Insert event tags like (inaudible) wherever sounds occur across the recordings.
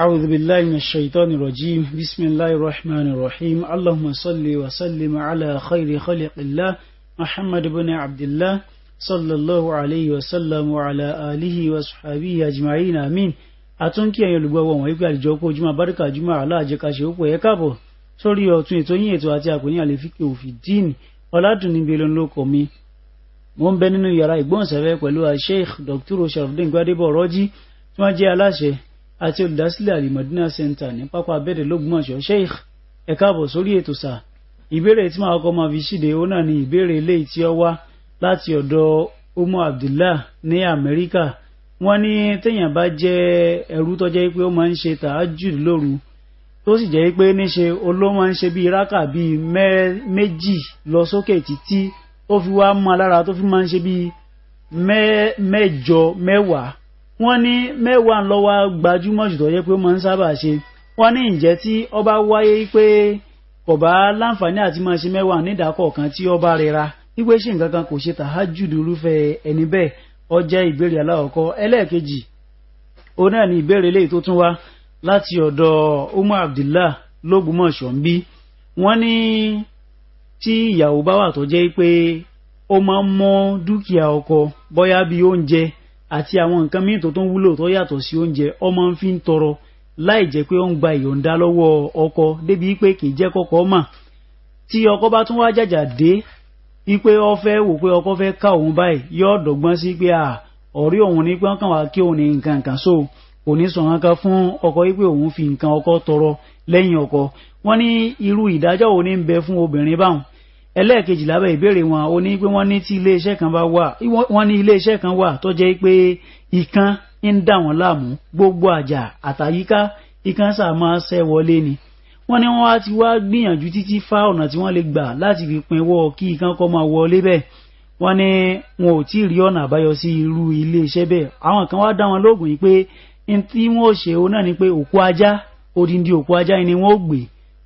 أعوذ بالله من الشيطان الرجيم بسم الله الرحمن الرحيم اللهم صل وسلم على خير خلق الله محمد بن عبد الله صلى الله عليه وسلم وعلى آله وصحبه أجمعين آمين àtúnkì ẹ̀yin olùgbọ́wọ́ wọn wípé àdìjọ kó ojúmọ́ abáríkà ojúmọ́ aláàjẹkàṣe ó pè é káàbọ̀ sórí ọ̀tún ètò yín ètò àti àkòní àlefíkè òfin dín ọ̀làdùnní bẹ́ẹ̀ ló kọ́ mi. mo ń bẹ nínú yàrá ìgbóhùnsáfẹ́ pẹ̀lú Sheikh Dr. sharafdin gbadebo ọ̀rọ́jì tí wọ́n jẹ́ aláṣẹ àti olùdásílẹ̀ Al-Madina Center ní pápá abẹ́rẹ́ lọ́gbọ̀mọ̀ṣọ́ Sheikh ẹ káàbọ̀ sórí ètò sà ìbéèrè tí màá kọ́ máa fi ṣíde ó náà ni ìbéèrè eléyìí tí ó wá láti ọ̀dọ̀ Umu Abdullah ní Amẹ́ríkà wọ́n ní téèyàn bá jẹ́ ẹrú tó jẹ́ pé ó máa ń ṣe tààjùd lóru tó sì jẹ́ pé níṣe olóò máa ń ṣe bíi rákà bíi méjì lọ sókè títí ó fi wá mọ́ alára tó fi máa ń ṣe bíi mẹ́jọ mẹ́wàá wọ́n ní mẹ́wàá lọ́wọ́ gbajúmọ̀ jù tó yẹ pé máa ń sábà ṣe wọ́n ní ǹjẹ́ tí ọba wáyé pé kọ̀bá láǹfààní àti máa ṣe mẹ́wàá nídàkọ̀ọ̀kan tí ọba rira wípé ṣì nǹkan kan kò ṣe tàhájùdù irúfẹ́ ẹni bẹ́ẹ̀ ó ìbéèrè aláwọ̀kọ́ ẹlẹ́ẹ̀kejì òun náà ni ìbéèrè eléyìí tó tún wá láti ọ̀dọ̀ Umar Abdullah lógúnmọ̀ṣọ́ ń bí wọ́n ní tí ìyàwó bá wà tó jẹ́ pé ó máa ń mọ́ dúkìá ọkọ bóyá bíi oúnjẹ àti àwọn nǹkan míì tó tó ń wúlò tó yàtọ̀ sí oúnjẹ ọmọ ń fi ń tọrọ láì jẹ́ pé ó ń gba ìyọ̀ǹda lọ́wọ́ ọkọ débi pé kì í jẹ́ kọ́kọ́ mà tí ọkọ bá tún wá jàjà dé ipe ó fẹ́ wò pé ọkọ fẹ́ ká òun báyìí yóò dọ̀gbọ́n sí pé à ọ̀rí òun ní pọ́n kàn wá kí òun ní nǹkan kan so kò ní sọ̀rọ̀ kan fún ọkọ wípé òun fi nǹkan ọkọ tọrọ lẹ́yìn ọkọ wọ́n ní irú ìdájọ́ wo ń bẹ fún obìnrin báwọn ẹlẹ́ẹ̀kejì lábẹ́ ìbéèrè wọn ó ní pé wọ́n ní tí iléeṣẹ́ kan bá wà wọ́n ní iléeṣẹ́ kan wà tó jẹ́ pé ìkan ń dà wọ́n láàmú gbogbo àjà àtàyíká ìkan sáà máa ṣẹ́ wọlé ni wọ́n ní wọ́n á ti wá gbìyànjú títí fá ọ̀nà tí wọ́n lè gbà láti fi pinwọ́ kí ìkan kọ́ máa wọlé bẹ́ẹ̀ wọ́n ní wọn ò tí ì rí ọ̀nà àbáyọ sí irú iléeṣẹ́ bẹ́ẹ̀ àwọn kan wá dá wọn lóògùn yìí pé n tí wọ́n ò ṣe náà ni pé òkú ajá odindi òkú ajá ni wọ́n ò gbé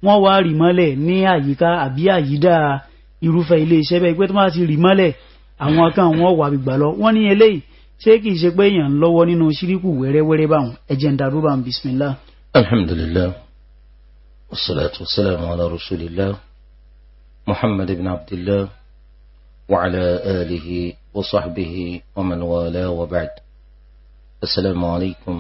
wọ́n wá rì mọ́lẹ̀ ní àyíká àbí àyídá irúfẹ́ ilé iṣẹ́ bẹ́ẹ̀ pé tó máa ti rì mọ́lẹ̀ àwọn kan wọ́n wà gbígbà lọ wọ́n ní eléyìí ṣé kì í ṣe pé èèyàn ń lọ́wọ́ nínú ṣíríkù wẹ́rẹ́wẹ́rẹ́ báwọn ẹ̀jẹ̀ ń darú báwọn bisimilá. alhamdulilah wasalaatu wasalaamu ala rasulillah muhammad ibn abdillah wa ala alihi wa sahbihi wa man wala wa ba'd asalaamu alaykum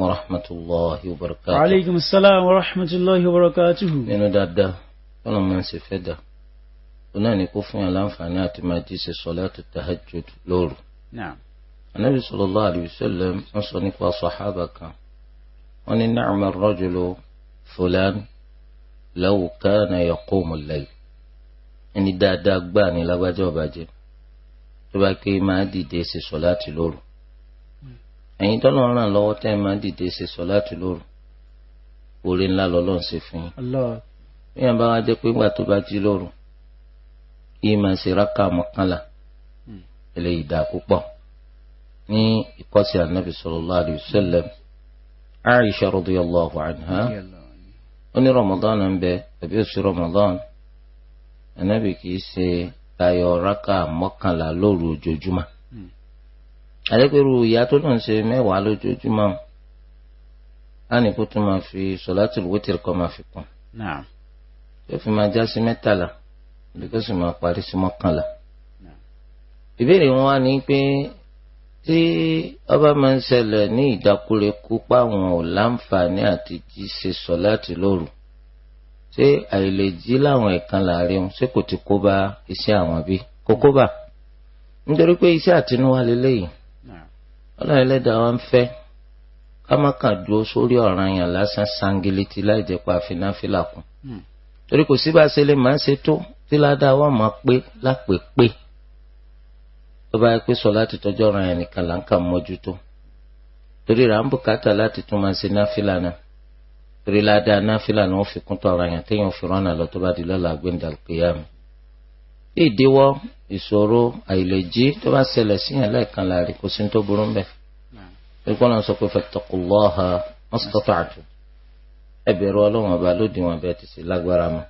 wa rahmatulahi wa barakatuhu. wa aleykum salaam wa rahmatulahi wa barakatuhu. nínú dáadáa wọn lọ máa ń ṣe fẹ́ dáa ó náà ní kó fún yàn láǹfààní àti máa jí ṣe sọ̀látù tahajjud lóru. anabi sallallahu alayhi wa sallam wọ́n sọ nípa sàhábà kan wọ́n ní ni'ma ar-rajulu fulan law kana yaqumu al-layl ẹni dáadáa gbà ní lágbájá ọ̀bàjẹ́ tó bá pé máa dìde ṣe sọ̀látù lóru ẹ̀yin tọ́lọ́ ràn lọ́wọ́ tẹ́ máa dìde ṣe sọ̀látù lóru oore ńlá lọ́lọ́run ṣe fún yín. bí yàn bá wá jẹ́ pé ńgbà tó bá jí lóru ìmọ̀ ìsiraka mọ́kànlá hmm. eléyìí dáa púpọ̀ ní ìkọ́sí anabi sallallahu alayhi wa sallam aisha radiyallahu anha ó ní ramadan ń bẹ àbí oṣù ramadan anabi kì í ṣe tayọ raka mọ́kànlá lóru ojoojúmọ́ hmm. àdẹ́pẹ̀rù ìyá tó náà ń ṣe mẹ́wàá lójoojúmọ́ á ní kó tún máa fi sọ̀látùl wítìrì kọ́ máa fi kún yóò fi máa já mẹ́tàlá bí kò sì máa parí sí mọ́kànlá. ìbéèrè wọn wá ní pé tí ọba máa ń ṣẹlẹ̀ ní ìdákúrekú páwọn ò láǹfààní àti jí ṣe sọ láti lóru ṣé àìlèjí láwọn ẹ̀kan láàrin ṣé kò ti kó bá iṣẹ́ àwọn bí kò kó bá nítorí pé iṣẹ́ àtinúwá lélẹ́yìí ọlọ́run ẹlẹ́dàá wa fẹ́ ká má kàn dúró sórí ọ̀ràn yàn lásán sangiliti láì jẹ́ pa àfináfìlà kù hmm. torí kò sí bá ṣe lè máa ṣe tó tí ládàá wà máa pé lápè pé tó bá yẹ pé sọ láti tọjọ́ ọ̀ràn yẹn nìkan là ń kà mójútó torí rà ń bùkátà láti tún máa ṣe náfìlà náà torí ládàá náfìlà náà ó fi kún tọ̀ ọ̀ràn yẹn téèyàn fi rán àlọ́ tó bá di lọ́la gbẹ̀ndà kìyàmù. bí ìdíwọ́ ìṣòro àìlèjí tó bá ṣẹlẹ̀ síyàn lẹ́ẹ̀kan láàrin kò sí tó burú mbẹ́ pípọ́ náà sọ pé fattaqullaha mastata'tum ẹ bẹ̀rù Ọlọ́run ọba lódiwọ̀n bẹ́ẹ̀ ti ṣe lágbára mọ́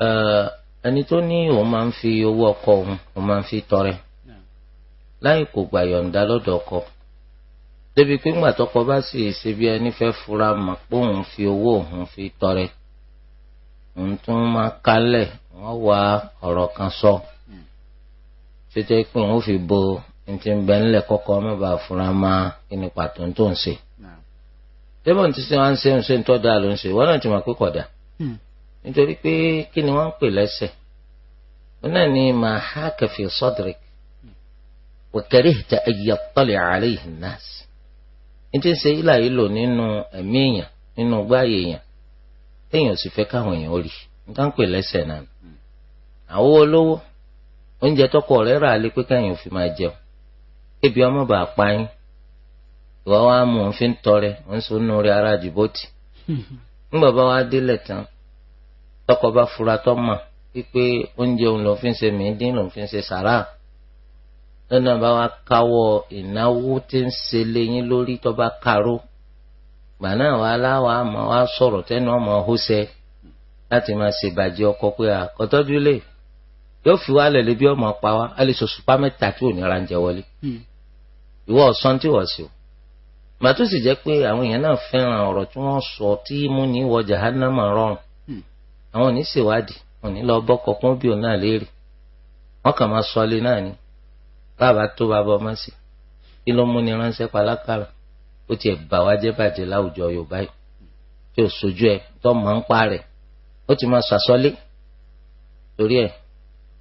Eh, ẹni tó ní òun máa ń fi owó ọkọ òun òun máa ń fi tọrẹ láì kò gbà yọ̀ǹda lọ́dọ̀ ọkọ débi pé ńgbà tọkọ bá sì ṣe bí ẹni fẹ́ fura mọ̀ pé òun fi owó òun fi tọrẹ òun tún máa kálẹ̀ wọ́n wá ọ̀rọ̀ kan sọ títí pé òun fi bo ntí ń bẹ ńlẹ̀ kọ́kọ́ má bàa fura máa kí ni pàtó tó ń ṣe. Hmm. débọ̀n ti ṣe wá ń ṣe ń ṣe ń tọ́ da ló ń ṣe wọ́n náà ti mọ̀ pé kódà nítorí pé kí ni wọ́n ń pè lẹ́sẹ̀ wọn náà ni ma ha kẹfì sọ́dìrìk wẹ̀kẹ́rì ìta ẹ̀yà tọ́lẹ̀ àárẹ̀ yìí náàsì ní ilà yìí lò nínú ẹ̀mí èèyàn nínú gbáàyè èèyàn téèyàn sì fẹ́ káwọn èèyàn ó rí nǹkan ń pè lẹ́sẹ̀ náà hmm. àwọn olówó oúnjẹ tọkọ rà lé pé káyọ̀ fi máa jẹun ebi ọmọ wa mú un fi ń tọrẹ sọ nù wa délẹ̀ tán tọkọ bá fura tọ́ mọ̀ wípé oúnjẹ òun lòún fi ń ṣe mìíndín lòún fi ń ṣe sàrà lọ́nà bá wa káwọ́ ìnáwó tí ń ṣe lẹ́yìn lórí tó bá karó gbà náà wà láwa àmọ́ wa sọ̀rọ̀ tẹ́nu ọmọ ọ̀húnṣẹ́ láti máa ṣèbàjẹ́ ọkọ pé àkọ́tọ́jú lè yóò fi wá lẹ̀ lébi ọmọ pa wá a lè sọ sùpá mẹ́ta tí ò ní ra ń jẹ wọlé hmm. ìwọ ọ̀sán tí wọ́n sì o màtó sì jẹ́ pé àwọn èèyàn náà fẹ́ràn ọ̀rọ̀ tí wọ́n sọ tí múni wọ jahannama rọrùn àwọn ò ní ṣèwádìí wọn ní lọ bọ́kọ kún bí òun náà léèrè wọn kàn máa sọlé náà ni bàbá tó bàbá ọmọ sí kí ló mú ni ránṣẹ́ palákàrà ó tiẹ̀ bà wá jẹ́ bàjẹ́ láwùjọ Yorùbá yìí tí ò sojú ẹ tó máa ń pa rẹ̀ ó ti máa sàsọlé torí ẹ̀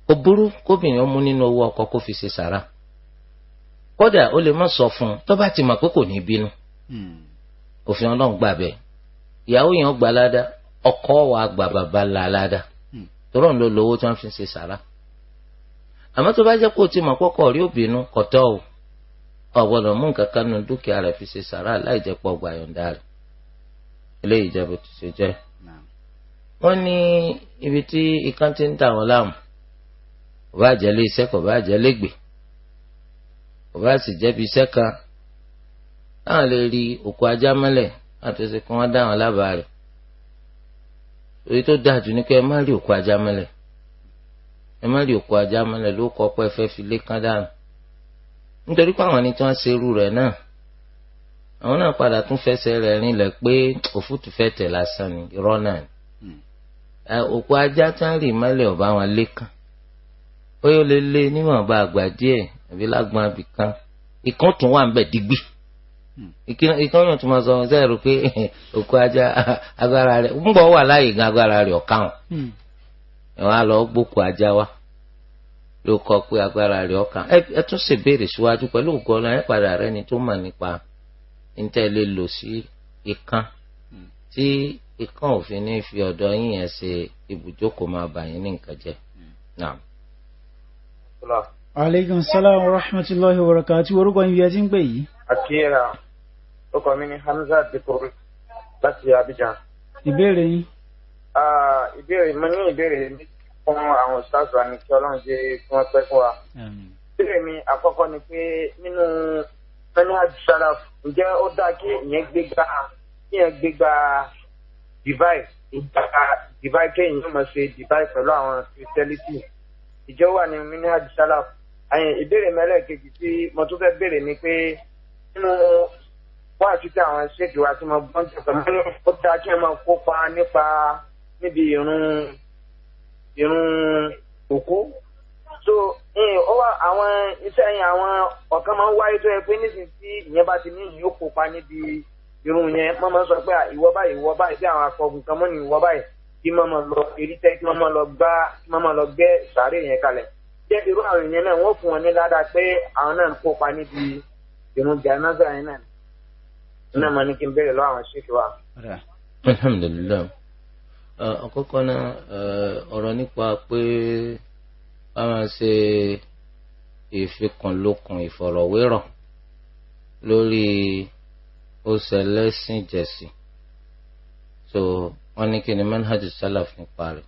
kò burú kóbìnrin ó mú nínú owó ọkọ kó fi ṣe sàrà kódà ó lè má sọ fún un tó bá ti mọ̀ pé kò ní bínú hmm. òfin Ọlọ́run gbà bẹ́ẹ̀ ìyàwó yẹn ó gbà ládàá ọkọ wa gba Baba la aládàá hmm. tọrọ ló lówó tí wọn fi ṣe sàrà àmọ́ tó bá jẹ́ kó o ti mọ̀ kọkọ rí òbínú kọtọ o ọ gbọ́dọ̀ mú nǹkan kan nu dúkìá rẹ̀ fi ṣe sàrà láì jẹ́ pọ gbà yọ̀ǹda rẹ̀ eléyìí jẹ́ bó ti ṣe jẹ́ wọ́n ní ibi tí ikán ti ń dà wọ́n láàmú kò bá jẹ́ lé iṣẹ́ kò bá jẹ́ lẹ́gbẹ̀ẹ́ kò bá sì jẹ́bi iṣẹ́ kan táwọn lè rí òkú ajá mọ́lẹ̀ àti ṣe kí wọ́n dá wọn lábàá rẹ̀ èyí tó dáa jù ní kẹ́ ẹ má rí òkú ajá mọ́lẹ̀ ẹ má rí òkú ajá mọ́lẹ̀ ló kọ́ pé ẹ fẹ́ fi lé kán dànù nítorí pé àwọn ẹni tí wọ́n ṣe irú rẹ̀ náà àwọn náà padà tún fẹsẹ̀ rẹ̀ rinlẹ̀ pé òfútù fẹ́ tẹ̀ lásán ni irọ́ náà ni hmm. òkú ajá tí wọ́n rì mẹ́lẹ̀ ọ̀bá wọn lé kán ó yóò lé lé níwọ̀nba àgbà díẹ̀ àbí lágbọ́n abìkan ìkọ́tún wà ń bẹ̀ digbí. ìkọ́ náà tún máa sọ ṣe rò pé (laughs) òkú ajá agbára rẹ̀ ń bọ̀ wà láàyè gan agbára rẹ̀ ọ̀káhùn hmm. ẹ̀ wá ajawa gbókù kọ pé agbára rẹ̀ ọ̀kà ẹ tún ṣèbéèrè ni tó mọ̀ nípa níta lè sí hmm. tí òfin ní fi ọdọ yín yẹn ṣe máa bà hmm. aleykum salaam wa rahmatulahi wa orúkọ yín bí ẹ ti ń pè yìí. orúkọ mi ni Hamza Dikuru láti Abidjan. ìbéèrè yín. ìbéèrè mo ní ìbéèrè fún àwọn stars wa ni kí Ọlọ́run ṣe kí wọ́n pẹ́ fún wa. ìbéèrè mi àkọ́kọ́ ni pé nínú manhaj salaf ǹjẹ́ ó dáa kí ìyẹn gbégbá kí ìyẹn gbégbá device ìgbàgbà device kéèyàn mọ̀ ṣe device pẹ̀lú àwọn christianity ìjọ wà ní manhaj salaf. àyìn ìbéèrè mẹ́lẹ̀ kejì tí mo tún fẹ́ béèrè ni pé nínú wọ́n àti tí àwọn ṣéèkì wa ti máa gbọ́n jẹ́ pẹ̀lú ó dáa kí ẹ máa kópa nípa níbi ìrun ìrun òkú so mm, ó wà àwọn iṣẹ́ yẹn àwọn ọ̀kan máa ń wáyé tó yẹ pé nísìnyí tí ìyẹn bá ti ní ìyẹn ó kópa níbi irun yẹn wọ́n máa ń sọ pé ìwọ báyìí ìwọ báyìí bí àwọn akọ̀gùn kan mọ́ ní ìwọ báyìí kí wọ́n máa lọ erítẹ́ kí wọ́n máa lọ gbá kí máa lọ gbé sàárè yẹn kalẹ̀ jẹ́ irú àwọn ìyẹn náà wọ́n fún wọn ní ládàá pé àwọn náà kópa níbi ìrun jàǹdà yẹn náà náà mo ní kí n béèrè lọ́wọ́ àwọn ṣíkì wa. alhamdulilayi àkọ́kọ́ náà ọ̀rọ̀ nípa pé a máa ṣe ìfikùnlukùn ìfọ̀rọ̀wérọ̀ lórí oṣẹlẹ́sìn jẹ̀sì so wọ́n ní kí ni manhaj salaf nípa rẹ̀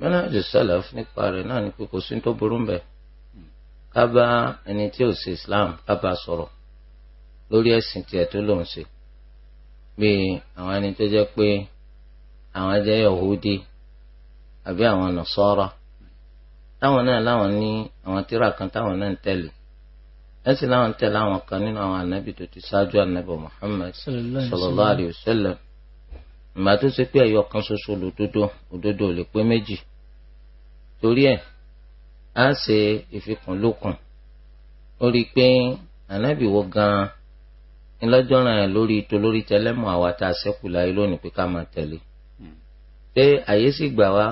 manhaj salaf nípa rẹ̀ náà ni pé kò sí tó burú mbẹ̀ ká bá ẹni tí ò sí islam ká bá sọ̀rọ̀ lórí ẹ̀sìn tiẹ̀ tó lòun ṣe bíi àwọn ẹni tó jẹ́ pé àwọn jẹ́ yahudi àbí àwọn nasara táwọn náà láwọn ní àwọn tíra kan táwọn náà ń tẹ̀lé ẹ̀sìn láwọn ń tẹ̀lé àwọn kan nínú àwọn ànábì tó ti ṣáájú ànábì Muhammad sallallahu alayhi wa sallam ìgbà tó ṣe pé ẹ̀yọ kan ṣoṣo lòdodo òdodo ò lè pé méjì torí ẹ̀ á ṣe ìfikùnlukùn ó rí i pé ànábì wo gan-an ńlọ́jọ́ràn ẹ̀ lórí ito lórí tẹlẹ́mù àwa tá a ṣẹ́kù láyé lónìí pé ká máa tẹ̀lé hmm. pé àyè sì gbà wá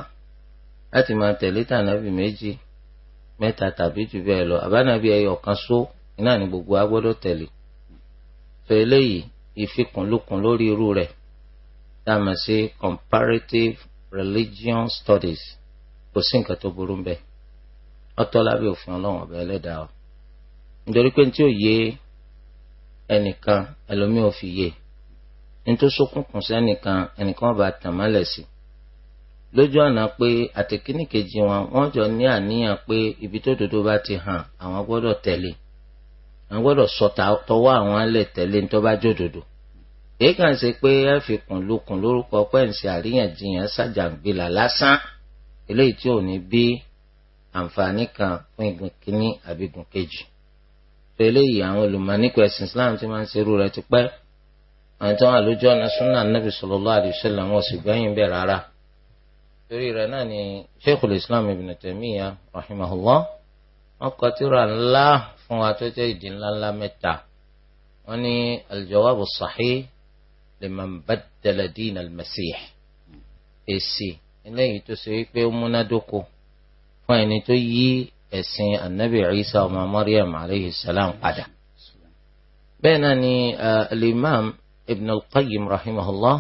láti máa tẹ̀lé tànàbì méjì mẹ́ta tàbí jù bẹ́ẹ̀ lọ àbánàbí ẹyọ kan só iná ní gbogbo wa gbọ́dọ̀ tẹ̀lé sọ eléyìí ìfikùnlukùn lórí irú rẹ̀ tá a mọ̀ sí comparative religion studies kò sí nǹkan tó burú ń bẹ̀ ọtọ́ lábẹ́ òfin ọlọ́run ọ̀bẹ ẹlẹ́dàá o nítorí pé ní tí ò yé ẹnìkan ẹlòmíì ò fi yé nítorí sókùnkùn sẹ́nìkan ẹnìkan ọba tàmálẹ̀ sí lójú ọ̀nà pé àtẹ̀kíní kejì wọn wọ́n jọ ní àníyàn pé ibi tó dodo bá ti hàn àwọn gbọ́dọ̀ tẹ̀lé àwọn gbọ́dọ̀ sọ tọwọ́ àwọn alẹ̀ tẹ̀lé ní tó bá jòdòdò èyí kàn ṣe pé ẹ fi kùn lórúkọ pẹ́ǹsì àríyànjiyàn ṣàjàngbìlà lásán eléyìí tí ò ní bí àǹfààní kan fún igun kínní kejì eléyìí àwọn olùmọ̀ nípa ẹ̀sìn Islam ti máa ń ṣerú rẹ̀ ti pẹ́ àwọn tí wọ́n wà lójú ọ̀nà sunnah nabi sallallahu alayhi wa sallam wọn sì gbẹ́yìn bẹ́ẹ̀ rárá torí rẹ̀ náà ni sheikhul Islam ibn Taymiyyah rahimahullah wọn kọ tírà ńlá fún wa tó jẹ́ ìdí ńlá ńlá mẹ́ta wọn ní al-jawabu sahih liman baddala èsì eléyìí tó ṣe wípé ó múnádóko fún ẹni tó yí ẹ̀sìn anabi isa ọmọ maryam aleyhi salam padà bẹ́ẹ̀ náà ni uh, alimam ibn al-qayyim rahimahullah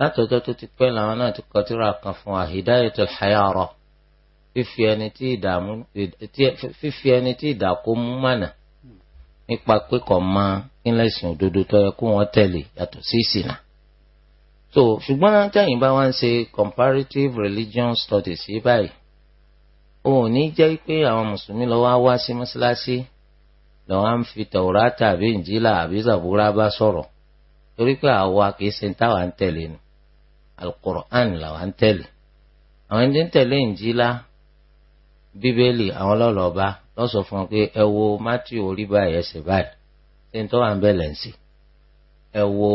látọjọ́ tó ti pẹ́ làwọn náà ti kọ tírà kan fún wa hidayatul hayara fífi ẹni tí ìdààmú fífi ẹni tí ìdàkó mú mànà nípa pé kò mọ ìlẹ̀sìn òdodo tó yẹ kó wọ́n tẹ̀lé yàtọ̀ sí ìsìnà. so ṣùgbọ́n tẹ̀yìn bá wá ń ṣe comparative religion studies yìí báyìí òun ò ní jẹ́ pé àwọn mùsùlùmí lọ́wọ́ á wá sí mọ́ṣáláṣí lọ́wọ́ á ń fi tàwùrátà àbí ìnjílà àbí zàbúrà bá sọ̀rọ̀ torí pé àwa kìí ṣe táwa ń tẹ̀lé nu alukur'an làwa ń tẹ̀lé àwọn ẹni ń tẹ̀lé ìnjílà bíbélì àwọn lọ́lọ́ba lọ́sọ̀ fún wọn pé ẹ wo matthew orí báyìí báyìí ṣé ń tọ́wà ń bẹ̀lẹ̀ ń ẹ wo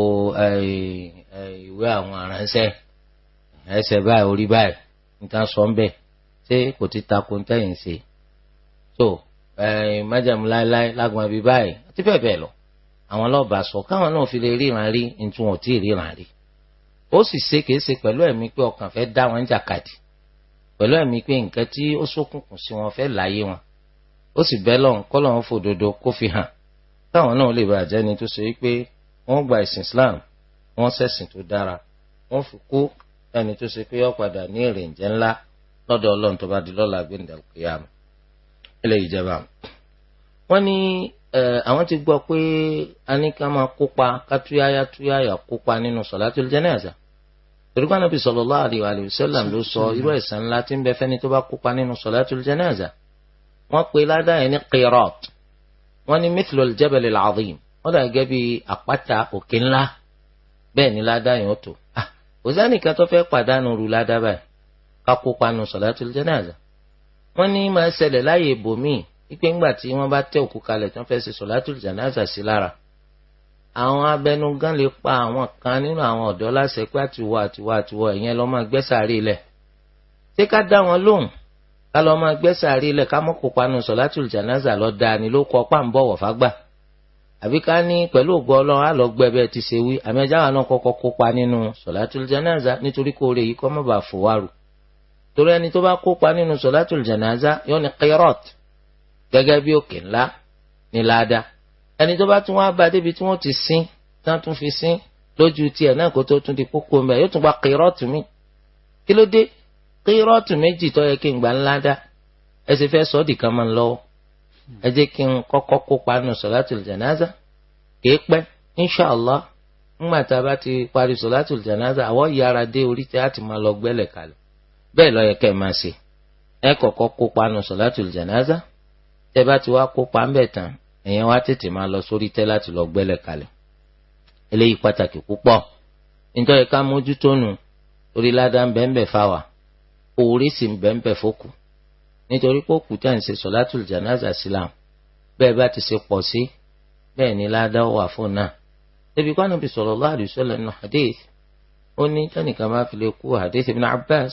ìwé àwọn aránṣẹ́ ẹsẹ̀ báyìí orí báyìí ń tán sọ ń bẹ́ẹ̀ ṣé kò ti takò ń tẹ̀yìn ṣe so eh, májàmú láéláé lágbọn bíi báyìí àti bẹ́ẹ̀ bẹ́ẹ̀ lọ àwọn ọlọ́ọ̀bà sọ káwọn náà fi lè ríran rí nítorí wọn ò tí ì ríran rí ó sì ṣe kìí ṣe pẹ̀lú ẹ̀mí pé ọkàn fẹ́ dá wọn jàkadì pẹ̀lú ẹ̀mí pé nǹkan tí ó ṣókùnkùn sí wọn fẹ́ láyé wọn ó sì bẹ́ lọ́hùn kọ́ lọ́hùn fòdodo kó fi hàn táwọn náà lè bàjẹ́ ni tó ṣe wípé wọ́n gba ìsìn Islam wọ́n ṣẹ̀sìn tó dára wọ́n fi kú ẹni tó ṣe pé ó ní èrè ńjẹ́ ńlá lọ́dọ̀ ọlọ́run tó bá di lọ́la gbẹ̀ndẹ̀ kíyàmù eléyìí jẹba. wọ́n ní àwọn ti gbọ́ pé a ní ká máa kópa ká túyáyá túyáyá kópa nínú sọ̀látùl jánásà torípa nàbì sallallahu alaihi wa sallam ló sọ irú ẹ̀san ńlá tí ń bẹ fẹ́ni tó bá kópa nínú sọ̀látùl jánásà wọ́n pe ládàá yẹn ní qirat wọ́n ní mithlul jabal al wọ́n dà gẹ́gẹ́ bí àpáta òkè ńlá bẹ́ẹ̀ ni ládàá yẹn ó tó ah, òsánìkan tó fẹ́ pàdánù rú ládàá báyìí kákópa nù sọ̀látùl jánásà wọ́n ní máa ṣẹlẹ̀ láyè ibòmíì wípé ńgbà tí wọ́n bá tẹ́ òkú kalẹ̀ tí wọ́n fẹ́ ṣe sọ̀látùl jánásà sí lára àwọn abẹnugan lè pa àwọn kan nínú àwọn ọ̀dọ́ láṣẹ pé àtiwọ́ àtiwọ́ àtiwọ́ ìyẹn lọ́ máa gbẹ́sàárì lẹ̀ ṣé ká dá wọn lóhùn ká lọ́ máa gbẹ́sàárì lẹ̀ ká mọ́ kópa nù sọ̀látùl jánásà lọ́ ni ló kọ́ pàǹbọ̀wọ̀ fágbà àbí ká ní pẹ̀lú ògbọ́ ọlọ́run àlọ́gbẹ́ bẹ́ẹ̀ ti ṣe wí àmì ẹja wa náà kọ́kọ́ kópa nínú sọ̀látùl jánásà nítorí kóore yìí kọ́ mọ́ bàa fòwárù torí ẹni tó bá kópa nínú sọ̀látùl janaza yóò ní qirat gẹ́gẹ́ bí òkè ńlá ní láàdá ẹni tó bá tún wá bá débi tí wọ́n ti sin tán tún fi sin lójú tiẹ̀ náà kó tó tún di kókó mbẹ́ yóò tún gba qirat mi kí ló dé qirat méjì tó yẹ kí n gbà ńláàdá ẹ sì fẹ́ sọ́ọ̀dì kan máa ń lọ́wọ́ ẹ jẹ́ kí n kọ́kọ́ kópa nínú sọ̀látùl janaza kìí pẹ́ inshàlá ńgbà tá a bá ti parí sọ̀látùl janaza àwọn yàrá dé orí tí a ti máa lọ gbẹ́lẹ̀ kalẹ̀ bẹ́ẹ̀ lọ́yẹ kẹ́ ẹ máa ṣe ẹ kọ́kọ́ kópa nù sọ̀látùl jànáza tẹ́ bá ti wá kópa ńbẹ̀ tán ẹ̀yẹn wá tètè máa lọ sórí tẹ́ láti lọ gbẹ́lẹ̀ kalẹ̀ eléyìí pàtàkì púpọ̀ nítorí ká mójútó nù orí ládàá ńbẹ́ńbẹ́ fáwa òórí sì ńbẹ́ńbẹ́ fókù nítorí pé òkú tẹ̀ ń ṣe sọ̀látùl jànáza sílám bẹ́ẹ̀ bá ti ṣe pọ̀ sí bẹ́ẹ̀ ni ládàá wà fún náà ebi kwanabi sallallahu alaihi wasallam nínú hadith ó ní tẹ́nìkan bá fi lè kú hadith ibn Abbas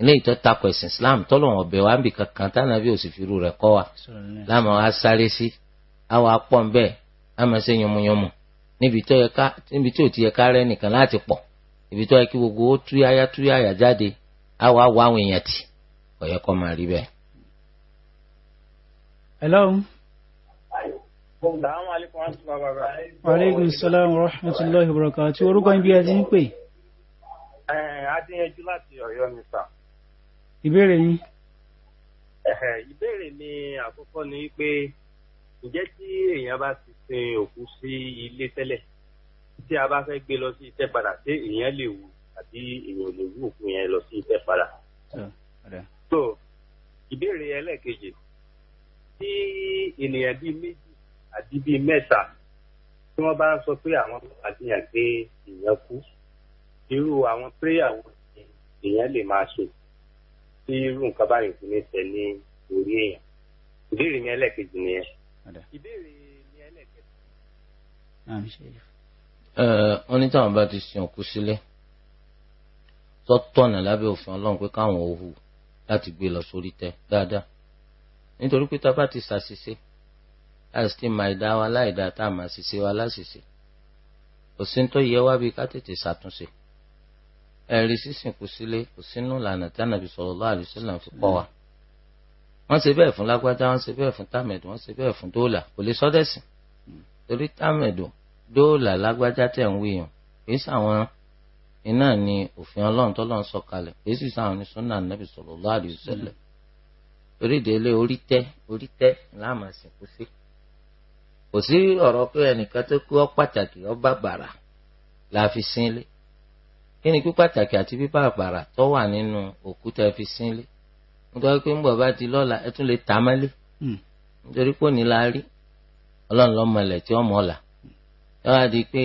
eléyìí tó takò slam islam tọ́lọ́wọ́n ọbẹ̀ wa ń bì kankan tánà bí òsì fìrú rẹ̀ kọ́ wa láàmú wa sáré sí àwọn apọ̀ ń bẹ́ẹ̀ àmọ́ ṣe yànmùyànmù níbi tí ò ti yẹ ká rẹ́ nìkan láti pọ̀ ibi tó yẹ kí gbogbo ó túyáyá túyáyá jáde àwọn awọ àwọn èèyàn tì hello. aleykum salaam wa rahmatulahi wa barakatuh orúkọ ibi ẹ ti ń eh, ìbéèrè yín. ìbéèrè mi àkọ́kọ́ ni pé ǹjẹ́ tí èèyàn bá ti sin òkú sí ilé tẹ́lẹ̀ tí a bá fẹ́ gbé lọ sí iṣẹ́ padà ṣé èèyàn lè wù àbí èèyàn lè wù òkú yẹn lọ sí iṣẹ́ padà. so ìbéèrè ẹlẹ́ẹ̀kejì tí ènìyàn bíi méjì àti bíi mẹ́ta tí wọ́n bá ń sọ pé àwọn àdéhàn pé èèyàn kú irú àwọn péréyàwó èèyàn lè máa ṣe tí irú nǹkan báyìí ti ní tẹ̀ ní orí èèyàn ìbéèrè mi ẹlẹ́ẹ̀kejì nìyẹn. ìbéèrè mi ẹlẹ́ẹ̀kejì. wọ́n ní táwọn bá ti sin òkú sílẹ̀ sọ́tọ̀nà lábẹ́ òfin ọlọ́run pé káwọn ò hù láti gbé lọ sórí tẹ dáadáa nítorí pé tá a bá ti ṣàṣìṣe láti máa dá wa láì dá tá a máa ṣiṣẹ́ wa láṣìṣe kò yẹ wá bí ká tètè ṣàtúnṣe ẹ̀rí sísìnkú sílé kò sínú ìlànà tí ànàbì sallallahu alaihi wasallam fi kọ́ wa wọ́n ṣe bẹ́ẹ̀ fún lágbájá wọ́n ṣe bẹ́ẹ̀ fún támẹ̀dù wọ́n ṣe bẹ́ẹ̀ fún dóòlà kò lè sọ́dẹ̀sìn torí támẹ̀dù dóòlà lágbájá tẹ̀ ń wíyàn kìí sàwọn iná ni òfin ọlọ́run tọ́lọ́run sọ kalẹ̀ kìí sì sàwọn ní sunnah ànàbì sallallahu alaihi wasallam torí délé orí tẹ́ orí tẹ́ la fi sínlé kí ni pípàtàkì àti pípàpàrà tó wà nínú òkúta fi sínlé nítorí pé ń bọ̀ bá ti lọ́la ẹ tún lè tà mọ́lé hmm. nítorí pé òní la rí ọlọ́run lọ́mọ ilẹ̀ tí ọmọ ọ̀la ẹ wá di pé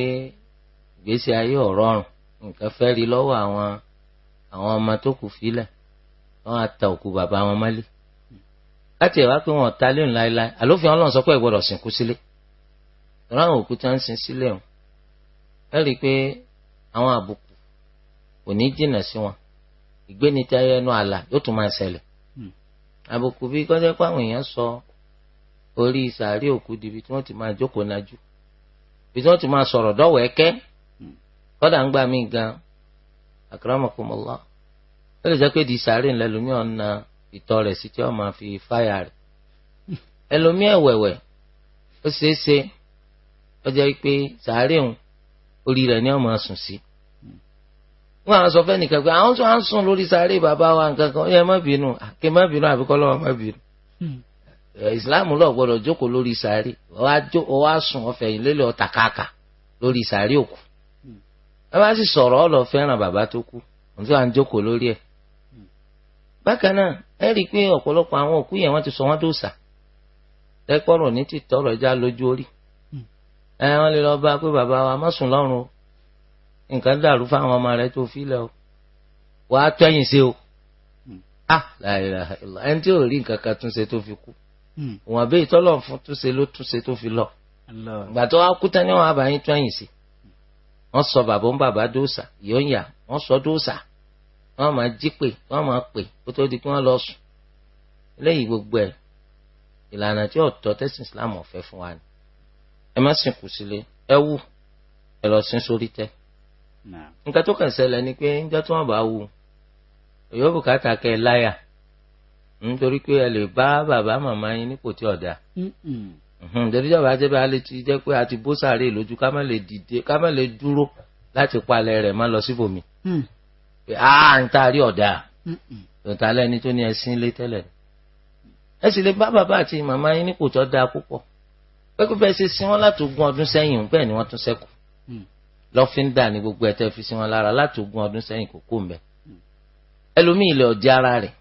ìgbésí ayé ọ̀rọ̀rùn nǹkan fẹ́ rí lọ́wọ́ àwọn àwọn ọmọ tó kù fílẹ̀ wọ́n á ta òkú bàbá wọn mọ́lé láti ẹ̀wá pé wọ́n ta lẹ́nu láéláé àlófin ọlọ́run sọ pé ẹ gbọ́dọ̀ sìnkú sílé ìran òkú tí ń sin sílẹ̀ ọ̀hún ẹ rí i pé àwọn àbùkù kò ní jìnnà sí wọn ìgbénitá ẹnu àlà yóò tún máa ṣẹlẹ̀ hmm. àbùkù bí kọ́jọ́ pé àwọn èèyàn sọ orí sàárì òkú di ibi tí wọ́n ti máa jókòó nájú ibi tí wọ́n ti máa sọ̀rọ̀ dọ́wọ̀ ẹ̀kẹ́ hmm. kọ́dà ń gbà mí gan akramakumullah ó lè jẹ́ pé di sàárì ńlẹ̀ ọ̀nà ìtọ̀ rẹ̀ sí tí wọ́n máa fi fáyà rẹ̀ (laughs) ẹlòmí ẹ̀wẹ̀wẹ̀ ó ṣeé ó jẹ́ pé sàárì òun orí rẹ̀ ni wọ́n máa sùn sí. Si wọn àwọn sọ fẹ́ nìkan pé àwọn tó à ń sùn lórí sáré bàbá wa nǹkan kan ẹ má bínú àké má bínú àbíkọ́ lọ́wọ́ má bínú. ìsìláàmù hmm. lọ gbọ́dọ̀ jókòó lórí sáré ó sùn ọta káàkà lórí sáré òkú. Hmm. bá sì sọ̀rọ̀ fẹ́ràn bàbá tó kú à ń jókòó lórí ẹ̀. Hmm. bákan náà ẹ rí i pé ọ̀pọ̀lọpọ̀ àwọn òkú yẹn wọ́n ti sọ wọ́n ẹ nǹkan dàrú fáwọn ọmọ rẹ tó filẹ̀ o wàá tẹ́yìn sí o hmm. ah láìláì ẹni tí ò rí nǹkan kan túnṣe tó fi kú hmm. wọn bẹ́ẹ̀ tọ́lọ̀ fún túnṣe ló túnṣe tó fi lọ ìgbà tó wá kú tán ni wọn á bá yín tẹ́yìn sí wọn sọ bàbá ń bàbá dóòsà yóò ń yà wọn sọ dóòsà wọn máa jí pè wọn máa pè kó tó di kí wọn lọ sùn lẹ́yìn gbogbo ẹ̀ ìlànà tí ọ̀tọ̀ tẹ̀sìn Islam ọ̀fẹ́ fún wa ni ẹ má sìnkú sílé ẹ wù ẹ lọ sin sórí tẹ́ nǹkan tó kàn ṣẹlẹ̀ ni pé níjọ́ tí wọ́n bá wù yóò bùkátà kẹ́ ẹ láyà nítorí pé ẹ lè bá bàbá màmá yín nípò tí ọ̀dà nítorí jọba jẹ́ bá lè ti jẹ́ pé a ti bó sáré lójú ká má lè dìde ká má lè dúró láti palẹ̀ rẹ̀ má lọ síbòmí mm. pé a ń taari ọ̀dà tòǹtà lẹ́ni tó ní ẹṣin lé tẹ́lẹ̀ ẹ sì lè bá bàbá àti màmá yín nípò tó dáa púpọ̀ pé kí bẹ́ẹ̀ ṣe sin wọn láti ogún ọdún sẹ́yìn bẹ́ẹ̀ ni wọ́n tún ṣẹ́kù mm lọ́fíńdà ní gbogbo ẹ̀ tẹ́ fi sí wọn lára láti ogún ọdún sẹ́yìn kò kó mbẹ́ ẹlòmíì ilẹ̀ ọ̀jẹ̀ ara rẹ̀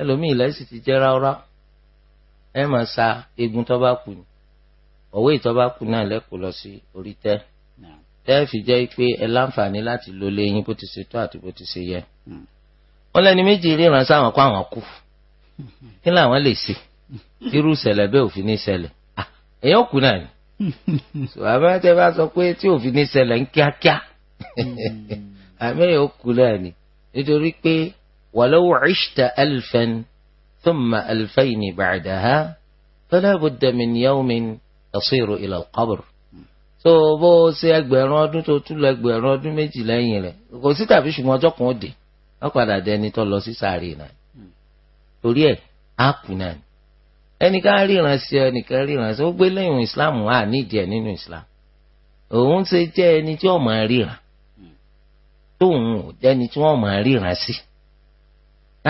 ẹlòmíì ilẹ̀ sì ti jẹ́ ráúrá ẹ máa sa egun tó bá kù ọ̀wé tó bá kù náà lẹ́kọ̀ọ́ lọ sí orí tẹ́ tẹ́ fi jẹ́ pé ẹ láǹfààní láti lo léyìn bó ti ṣe tó àti bó ti ṣe yẹ hmm. wọn lẹni méjì ríran sáwọn kó àwọn kù hmm. kí làwọn lè ṣe hmm. irú ìṣẹ̀lẹ̀ bẹ́ẹ̀ òfin ní ìṣẹ̀lẹ̀ èèyàn kù náà ni (laughs) àmọ́ tẹ bá sọ pé tí òfin ní ṣẹlẹ̀ ń kíákíá hmm. (laughs) àmì ò kú náà ni nítorí pé walaw ishta alfan thumma alfayni ba'daha fala budda min yawmin tasiru ila al-qabr so bó ṣe ẹgbẹ̀rún ọdún tó tún lọ ẹgbẹ̀rún ọdún méjì lẹ́yìn rẹ̀ kò sí tàbí ṣùgbọ́n ọjọ́ kan ó dé wọ́n padà dẹni tó lọ sí sàárè náà hmm. torí ẹ̀ á kú náà ẹnìkan ríran sí ọ ẹnìkan ríran sí ọ gbé lẹ́yìn islam wà nídìí ẹ̀ nínú islam òun ṣe jẹ́ ẹni tí ọmọ ríran tóun ò jẹ́ni tí wọ́n máa ríran sí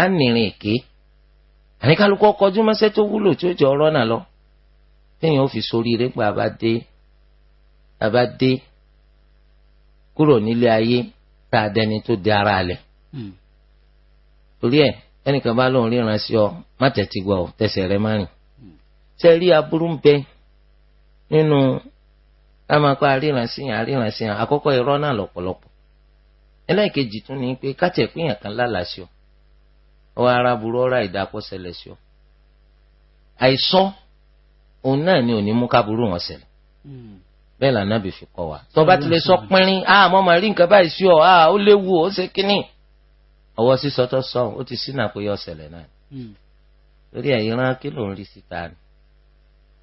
á nìrìn èké àníkálukú kọjú mọ́sẹ́ tó wúlò tí ó jọ ọ̀rọ̀ náà lọ téèyàn ó fi sórí eré pé àbá dé kúrò nílé ayé tá a dẹni tó di ara lẹ̀ hmm. torí ẹ̀ ẹnìkan bá lóun ríran sí ọ má tẹ̀tí gbọ́ ọ tẹsẹ̀ rẹ má rìn ṣe rí aburú ń bẹ nínú ká máa pa àríranṣíyàn àríranṣíyàn àkọ́kọ́ irọ́ náà lọ́pọ̀lọpọ̀ ẹlẹ́ẹ̀kejì tún ni pé káàtì ẹ̀pìyàn kan lálàṣọ ọwọ́ ara burú ọ̀rọ̀ ìdápọ̀ ṣẹlẹ̀ ṣọ àìsọ òun náà ni òní mú wọn hmm. bẹ́ẹ̀ lànà bí fi kọ́ wa tó bá sọ pínrín a mọ́ màá rí nǹkan báyìí sí ọ a ó léwu ó ṣe kínní ọwọ́ sísọ tó sọ ó ti sínà pé yọ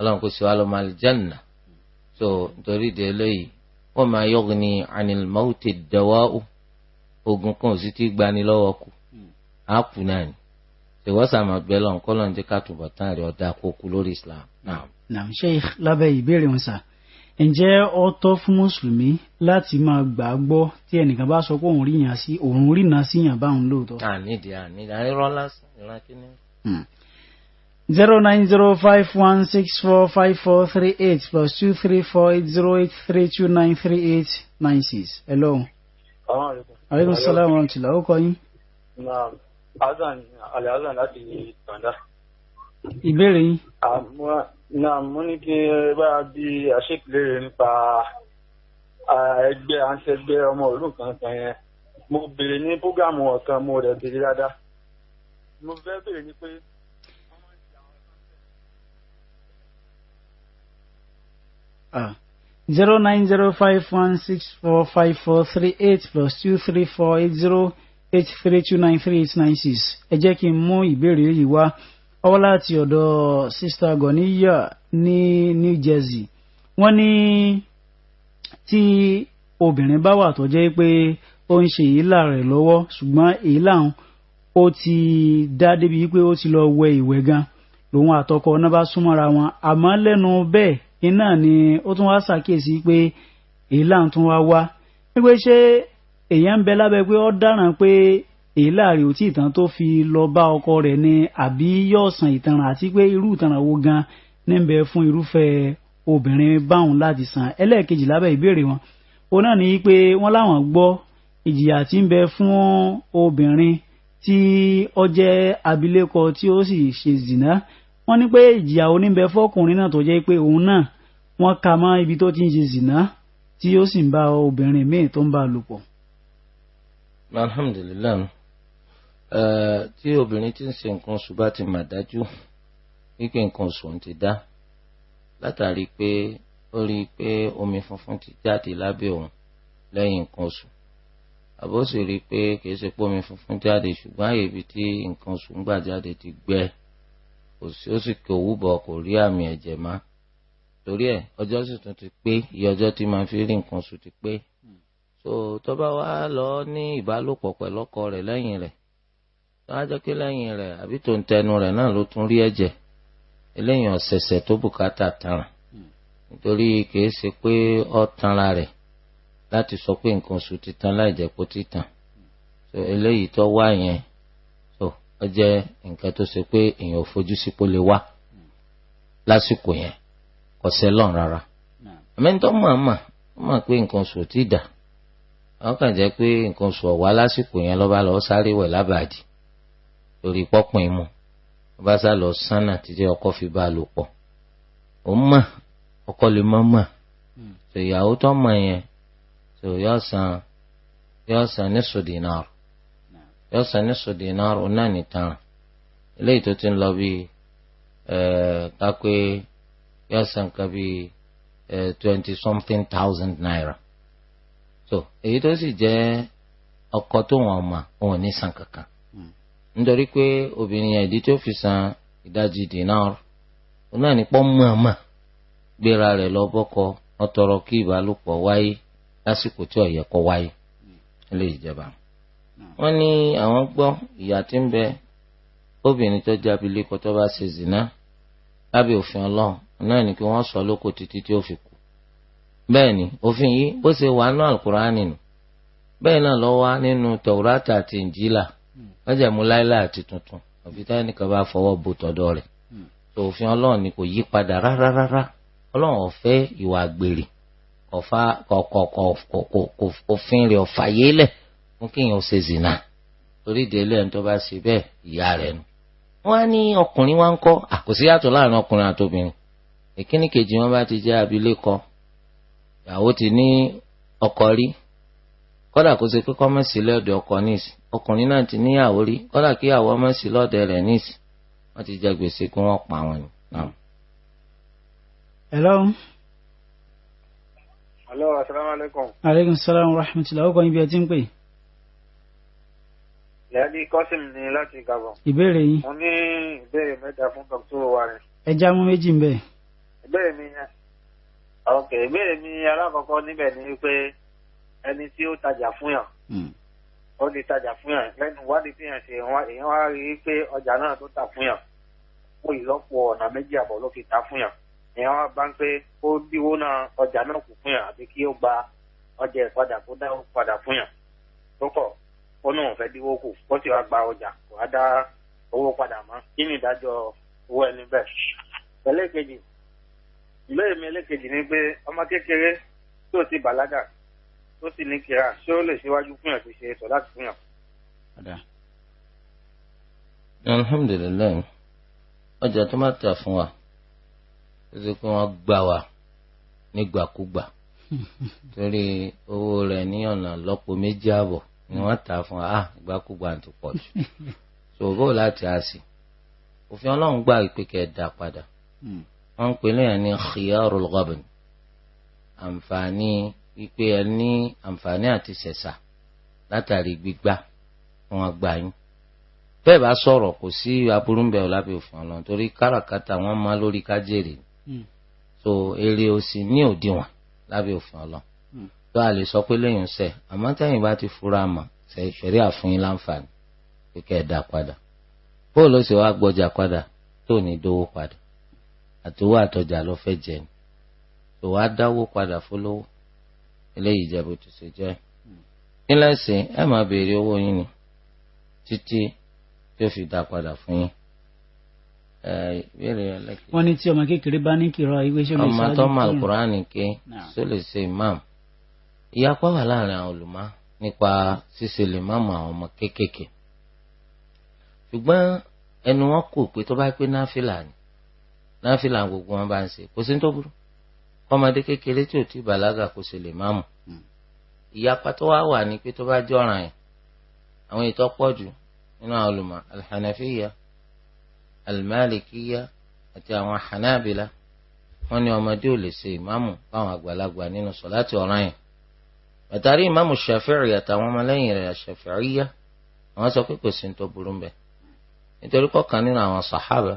ọlọ́run kò sí wa lọ́mọ alìjánná so nítorí de eléyìí wọ́n máa yọ̀gùn ní anil mawti dawa'u ogun kan ò sì ti gbani lọ́wọ́ kù á kù náà ni ṣèwọ́n sàmà bẹ́ẹ̀ lọ́n kọ́ lọ́n jẹ́ ká túbọ̀ tán rẹ̀ ọ̀dà kókó lórí Islam náà. naam sheikh lábẹ́ ìbéèrè wọn sà ǹjẹ́ ó tọ́ fún mùsùlùmí láti máa gbà á gbọ́ tí ẹnìkan bá sọ pé òun rí yàn sí òun rí nà sí yàn báwọn lóòótọ́. ànídìí ànídìí àníwọ́ lásán ìrántí Zero zero nine five five one six four four three eight plus two two three three three four eight eight eight zero nine nine six. Hello. Aleykum salaam wa rahmatulah. Ó kọ yín. Azan Alẹ́ Azan láti Tanda. Ìbéèrè yín. Náà mo ní kí ẹ bá bí àṣekìlérè nípa ẹgbẹ́ àǹṣẹ́gbẹ́ ọmọ òlù kankan yẹn. Mo béèrè ní prógámù ọ̀kan mo rẹ̀ béèrè dáadáa. Mo fẹ́ béèrè ni pé. Ah. zero nine zero five one six four five four three eight plus two three four eight zero eight three two nine three eight nine six ẹ jẹ́ kí n mú ìbéèrè yìí wá ọwọ́ láti ọ̀dọ̀ sista goniya ní New Jersey wọ́n ní tí obìnrin bá wà tó jẹ́ pé ó ń ṣe èélà rẹ̀ lọ́wọ́ ṣùgbọ́n èélà ń ó ti dá débi pé ó ti lọ wẹ ìwẹ̀ gan lòun àtọkọ náà bá súnmọ́ra wọn àmọ́ lẹ́nu bẹ́ẹ̀ iná ni ó tún wá ṣàkíyèsí pé èélà tún wá wá wípé ṣé èèyàn ń bẹ lábẹ́ pé ó dáràn pé èélà rẹ̀ ò tí ìtàn tó fi lọ bá ọkọ rẹ̀ ni àbí yóò san ìtanràn àti pé irú ìtanràn wo gan ní bẹ fún irúfẹ́ obìnrin báwọn láti san ẹlẹ́ẹ̀kejì lábẹ́ ìbéèrè wọn òun náà ni pé wọ́n láwọn gbọ́ ìjìyà tí ń bẹ fún obìnrin tí ó abilékọ tí ó sì ṣe zìnà wọ́n ní pé ìjìyà oníbẹ̀ fọ́kùnrin náà tó jẹ́ pé òun náà wọ́n ka mọ́ ibi tó ti ń ṣe zìnà tí ó sì ń bá obìnrin míì tó ń bá lò pọ̀. alhamdulilayi tí obìnrin ti ń ṣe nǹkan oṣù bá ti mà dájú wípé nǹkan oṣù ń ti dá látàrí pé ó rí i pé omi funfun ti jáde lábẹ́ òun lẹ́yìn nǹkan oṣù àbó rí i pé kì í ṣe pé omi funfun jáde ṣùgbọ́n àyè ibi tí nǹkan oṣù ń gbà jáde ti gbẹ ó sì kó owó bọ̀ kò rí àmì ẹ̀jẹ̀ má torí ẹ̀ ọjọ́ sì tún ti pé iye ọjọ́ tí máa fi rí nǹkan oṣù ti pé so tó bá wá lọ ní ìbálòpọ̀ pẹ̀lú ọkọ rẹ̀ lẹ́yìn rẹ̀ tó á jẹ́ pé lẹ́yìn rẹ̀ àbí tó ń tẹnu rẹ̀ náà ló tún rí ẹ̀jẹ̀ eléyìí ọ̀sẹ̀sẹ̀ tó bùkátà tanràn nítorí kìí ṣe pé ó tanra rẹ̀ láti sọ pé nǹkan oṣù ti tán láì jẹ́ kó ti tàn eléyìí tó wá yẹn ó jẹ́ nǹkan tó ṣe pé èèyàn ò fojú sí pó lè wá lásìkò yẹn kò sẹ́lọ̀n rárá àmẹ́ńtọ́ mọ̀ mọ̀ mọ̀ pé nǹkan oṣù tí dà wọ́n kàn jẹ́ pé nǹkan oṣù ọ̀wá lásìkò yẹn lọ́ba lọ sáré wẹ̀ lábàdì lórí pọ́pìn mu ọba sá lọ sánà títí ọkọ fi bá a lò pọ̀ ó mọ̀ ọkọ lè mọ̀ mọ̀ ṣèyàwó hmm. tó mọ̀ yẹn ṣèyàwó san yóò san ní sùdínà rẹ̀. yóò san ní sòdìnnàrò náà nìtàn eléyìí tó ti ń lọ bíi eh, kápé yóò eh, something thousand naira so èyí tó sì jẹ́ ọkọ tó wọn mà òun ní san kankan hmm. nítorí pé obìnrin yẹn ìdí tó fi san ìdajì mọ̀ọ́mọ̀ gbéra rẹ̀ lọ bọ́kọ ọtọrọ kí ìbálòpọ̀ wáyé lásìkò tí ó wọ́n ní àwọn gbọ́ ìyà tí ń bẹ obìnrin tó jẹ́ abilékọ tó bá ṣe zina lábẹ́ òfin ọlọ́run náà ni kí wọ́n sọ lóko títí tí ó fi kú bẹ́ẹ̀ ni òfin yìí ó ṣe wà nínú àlùkùránì nù bẹ́ẹ̀ náà lọ wá nínú tọ̀wúrátà àti ìnjílà májẹ̀mú láíláà àti tuntun àfi táyà nìkan bá fọwọ́ bo tọ̀dọ̀ rẹ̀ òfin ọlọ́run ni kò yí padà rárá rárá ọlọ́run ò fẹ́ ìwà àgbèrè òfin rẹ̀ ọ̀fàyélẹ̀ mú kéèyàn ó ṣe zina torí ìdílé ẹni tó bá ṣe bẹ́ẹ̀ ìyá rẹ̀ nu. wọ́n á ní ọkùnrin wa ń kọ́ àkòsí yàtọ̀ láàrin ọkùnrin àtòbìnrin ìkíní kejì wọn bá ti jẹ́ abilékọ ìyàwó ti ní ọkọ rí kódà kó ṣe pé kọ́ mọ̀ sí lọ́dọ̀ ọkọ níìsì ọkùnrin náà ti níyàwó rí kódà kí ìyàwó mọ̀ sí lọ́dọ̀ rẹ̀ níìsì wọ́n ti jẹ gbèsè kí wọ́n pa wọn ni. hello. hello asalaamualeykum. aleykum salaam wa rahmatulah ó kọ́ ibi ẹ ti ń pè é. Ìyáàdí Kọ́sìm ni láti Gabon. Ìbéèrè yín. Mo ní ìbéèrè mẹ́ta fún Dr. Wari. Ẹ já mú méjì mbẹ́. Ìbéèrè mi yẹn. Ok, ìbéèrè mi alákọ̀ọ́kọ́ níbẹ̀ ni pé ẹni tí ó tajà fún yàn. Hmm. Ó lè tajà fún yàn. Lẹ́nu ìwádìí tí yàn ṣe èèyàn wá rí i pé ọjà náà tó tà fún yàn. Ó ìlọ́po ọ̀nà méjì àbọ̀ ló fi tà fún yàn. Èèyàn wá bá ń pé ó díwó náà ọjà náà kù fún yàn àbí kí ó gba ọjà ìpadà kó dá ó náà fẹ́ dínwó kù ó sì wá gba ọjà kò á dá owó padà mọ́ kí ni ìdájọ́ owó ẹni bẹ́ẹ̀. ẹlẹ́kejì ìbéèrè mi ẹlẹ́kejì ni pé ọmọ kékeré tó ti bàlágà tó sì ní kíra ṣé ó lè ṣíwájú fún yàn ti ṣe sọ láti fún yàn. alhamdulilayi ọjà tó máa tà fún wa ó ti kó wọn gbà wá nígbàkúgbà (laughs) torí owó rẹ̀ ní ọ̀nà lọ́pọ̀ méjì ààbọ̀ ni wọ́n tà fún ah ìgbàkúgbà tó pọ̀ jù (laughs) so bó láti á sí òfin ọlọ́run gbà pé kẹ́ ẹ dá padà hmm. wọ́n ń pè lẹ́yìn ní khiyarul ghabn àǹfààní wípé ẹ ní àǹfààní àti ṣẹ̀ṣà látàrí gbígbá wọn gbà yín bẹ́ẹ̀ bá sọ̀rọ̀ kò sí aburú ń bẹ òfin ọlọ́run torí káràkátà wọn máa lórí kájèrè hmm. so èrè òsì ní òdiwọ̀n lábẹ́ òfin ọlọ́run tó a lè sọ pé lẹ́yìn sẹ̀ àmọ́ tẹ́yìn ti fura mọ̀ ṣẹ̀rí àfihàn láǹfààní pé kẹ́ padà bóòlù ó sì wá gbọ́jà padà tó ní dówó padà àtòwò àtọjà ló fẹ́ jẹ ni tó wá dáwó padà fọlọ́wọ́ eléyìí jẹ́ bó ti ṣe jẹ́ nílẹ̀ sí ẹ títí tó fi dá padà fún yín wọ́n ní tí ọmọ kékeré bá ní kírọ̀ ìwé lè ṣáájú ọmọ tó mọ ṣe imam. ìyapa wà láàrin àwọn olùmọ̀ nípa ṣíṣe lè má mọ àwọn ọmọ kéékèèké ṣùgbọ́n ẹnu wọn kò pé tó bá pé náfìlà ni náfìlà gbogbo wọn bá ń ṣe kò sí ní tó burú kọ́mọdé kékeré tí ò tí bàlágà kò ṣe lè má mọ hmm. ìyapa tó wá wà ní pé tó bá jẹ́ ọ̀ràn yẹn àwọn ètò pọ̀ jù nínú àwọn olùmọ̀ alhanafiya almalikiya àti àwọn hanabila wọ́n ní ọmọdé ò lè ṣe ìmáàmù báwọn àgbàlagbà nínú sọ̀láàtì ọ̀ràn yẹn àtàrí ìmáàmù Shafi'i àtàwọn ọmọlẹ́yìn rẹ̀ Shafi'iyya àwọn sọ pé kò sí nítorí burú mbẹ nítorí kọkàn nínú àwọn sàhábà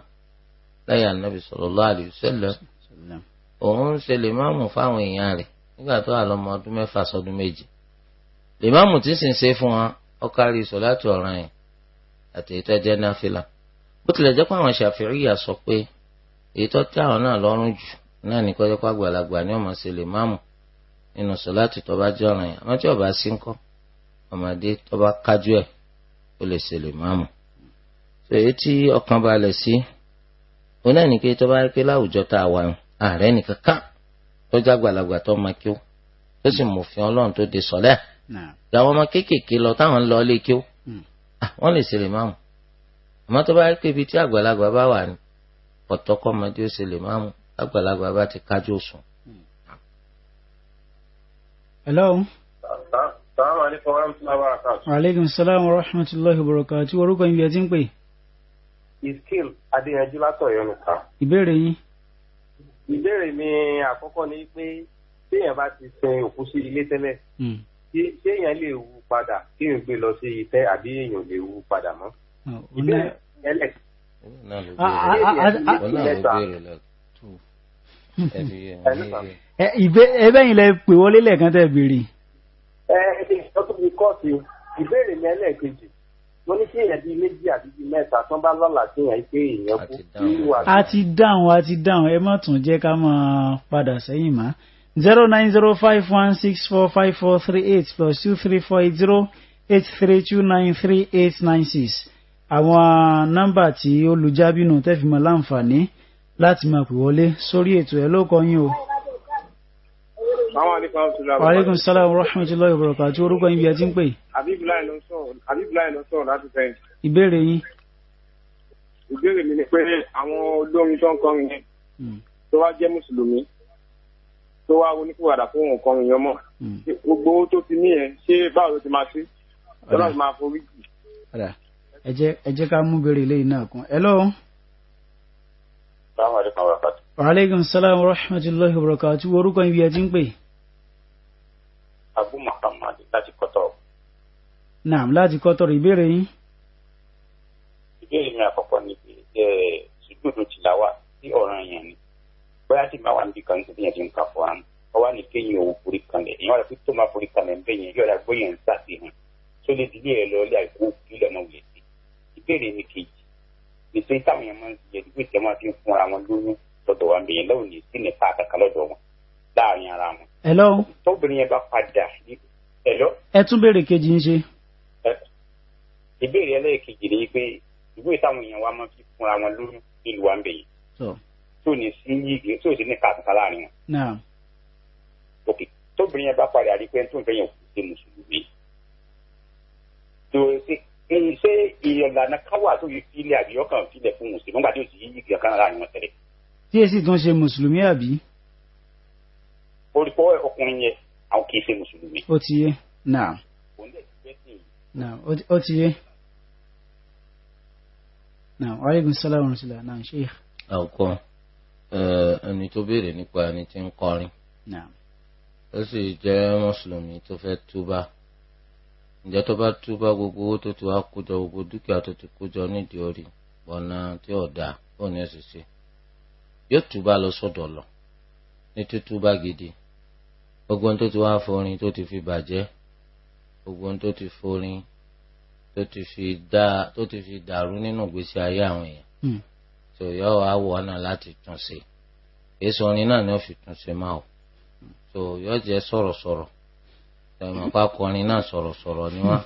lẹ́yìn anabi sallallahu alayhi wa sallam òun ń ṣe lèmáàmù fáwọn èèyàn rẹ̀ nígbà tó wà lọ́mọ ọdún mẹ́fà sọdún méje lèmáàmù tí sì ń ṣe fún wọn ó kárí sọ̀láàtì ọ̀ràn yẹn àti ètò ẹjẹ náfìlà bó tilẹ̀ jẹ́ pé àwọn Shafi'iyya sọ pé ètò tí àwọn náà lọ́rùn jù náà ní kọ́jọ́pá àgbàlagbà ni ọmọ ṣe lèmáàmù nínú sọláàtì tó bá jẹ́ ọ̀ràn yẹn àmọ́ tí ọba sí ń kọ́ ọmọdé tó bá kájú ẹ̀ ó lè ṣe lè máàmù. tó èyí tí ọkàn balẹ̀ sí oní ẹnìké tó bá pé láwùjọ tá a wà yàn ààrẹ nìkan kán tó jágbàlagbà tó máa kí ó tó sì mòfin ọlọ́run tó de sọ̀lẹ́ ìyàwó ọmọ kéékèèké lọ táwọn ń lọ ilé kí ó hmm. ah, wọ́n lè ṣe lè máàmù àmọ́ tó bá pé ibi tí àgbàlagbà bá wà ní ọ̀tọ́kọ́ ọmọdé ó ṣe lè máàmù àgbàlagbà hello. Assalamu alaikum wa rahmatullahi wa barakatuh. Wa alaikum salaam wa rahmatullahi wa barakatuh. Orúkọ ibi ẹtí ń pè. Iskil Adéyanjú látọ̀yọ́ nìkan. Ìbéèrè yín. Ìbéèrè mi àkọ́kọ́ ni pé téèyàn bá ti sin òkú sí ilé tẹ́lẹ̀. Téèyàn hmm. lè wú padà kí n gbé lọ sí ìtẹ́ àbí èèyàn lè wú padà mọ́. Oh, ìbéèrè ẹlẹ̀. Ọ̀nà àwọn ìbéèrè lẹ́kọ̀ọ́ ẹbẹ́yìn lẹ pè wọlé lẹ́ẹ̀kan tẹ́ béèrè. ẹ ẹ ìtọ́jú mi kọ́ọ̀sì ìbéèrè mi ẹlẹ́ẹ̀kejì mo ní kí èèyàn bíi méjì àti bíi mẹ́ta tán bá lọ́la sí èèyàn pé èèyàn kú kí wà. a ti dáhùn a ti dáhùn ẹ má tún jẹ́ ká máa padà sẹ́yìn mọ́ zero nine zero five one six four five four three eight plus two three four eight zero eight three two nine three eight nine six àwọn nọ́mbà tí olùjábínú tẹ́fìmọ̀ láǹfààní láti máa pè wọlé sórí ètò ẹ̀ lóko yín o. Aleykum salaam wa rahmatulahi wa barakatuh orúkọ yín bí ẹ ti ń pè. Abibulayi ló sọ̀rọ̀ láti fẹ́. Ìbéèrè yín. Ìbéèrè mi ni pé àwọn olórin tó ń kọrin yẹn hmm. tó wá jẹ́ Mùsùlùmí tó wá oníkùwàdà fún òun kọrin yẹn mọ́. Hmm. Gbogbo owó tó ti ní yẹn ṣé báwo ló ti máa ṣe? Ọlọ́run máa forí jì. Ẹ jẹ́ ká mú béèrè eléyìí náà kún. Ẹ lọ́wọ́. Assalamu alaikum wa barakatuh. Wa alaikum salam wa rahmatullahi wa barakatuh. Orúkọ ibi ẹ̀ ti Abu Muhammad láti Kọ́tọ̀. Naam láti Kọ́tọ̀ rẹ̀ ìbéèrè yín. Ìbéèrè mi àkọ́kọ́ ni pé wá níbi kan níbi yẹn ti ń kà fún wa. Ọwá ni kéyìn òwò Ìyẹn wà lọ sí tó máa yẹn gbóyè ń dilé nítorí táwọn èèyàn máa ń jẹ ìdígbò ìjẹ́ máa fi ń fúnra wọn lóyún lọ́dọ̀ wa bẹ̀yẹn lọ́wọ́ ní sí nípa àkàkà lọ́dọ̀ wọn láàrin ara wọn. ẹ̀lọ́. tóbìnrin yẹn bá padà ẹ̀lọ́. ẹ tún béèrè kejì ń ṣe. ìbéèrè ẹlẹ́ẹ̀kejì ni pé ìdígbò táwọn èèyàn wa máa fi fúnra wọn lóyún nílùú wa bẹ̀yẹn. tó ní sí yìí tó sì ní kàkàkà láàrin wọn. ok tóbìnrin yẹn bá padà rí pé tó ń fẹ́ yẹn kò ṣé ìlànà kan wà tó yẹ filẹ̀ àbí ọkàn filẹ̀ fún mùsùlùmí nígbà tí ó sì yí ìgbà kan láàrin wọn tẹ̀lé. tí èsì tún ṣe mùsùlùmí àbí. orúkọ ọkùnrin yẹn àwọn kì í ṣe mùsùlùmí. ó ti yé náà. náà ó ti yé. E? náà e? wa alaikum salaam warahmatullah náà ṣe é. àwòkọ ẹni tó béèrè nípa ẹni tí ń kọrin ó sì jẹ́ mùsùlùmí tó fẹ́ túbà ǹjẹ́ tó bá túbá gbogbo owó tó ti wá kójọ gbogbo dúkìá tó ti kójọ nídìí orí ọ̀nà tí ò dáa ní ẹ̀sìn sí yóò túbá lọ sọ́dọ̀ lọ ní tútúbá gidi gbogbo ohun tó ti wá forin tó ti fi bàjẹ́ gbogbo ohun tó ti forin tó ti fi dá tó ti fi dàrú nínú ìgbésí ayé àwọn èèyàn tó yọ àwọ̀ ọ̀nà láti tún ṣe èso orin náà ni ó fi tún ṣe máa o tó yọ jẹ́ sọ̀rọ̀sọ̀rọ̀ ẹ̀mọ̀ pa akọrin náà sọ̀rọ̀sọ̀rọ̀ ni wọ́n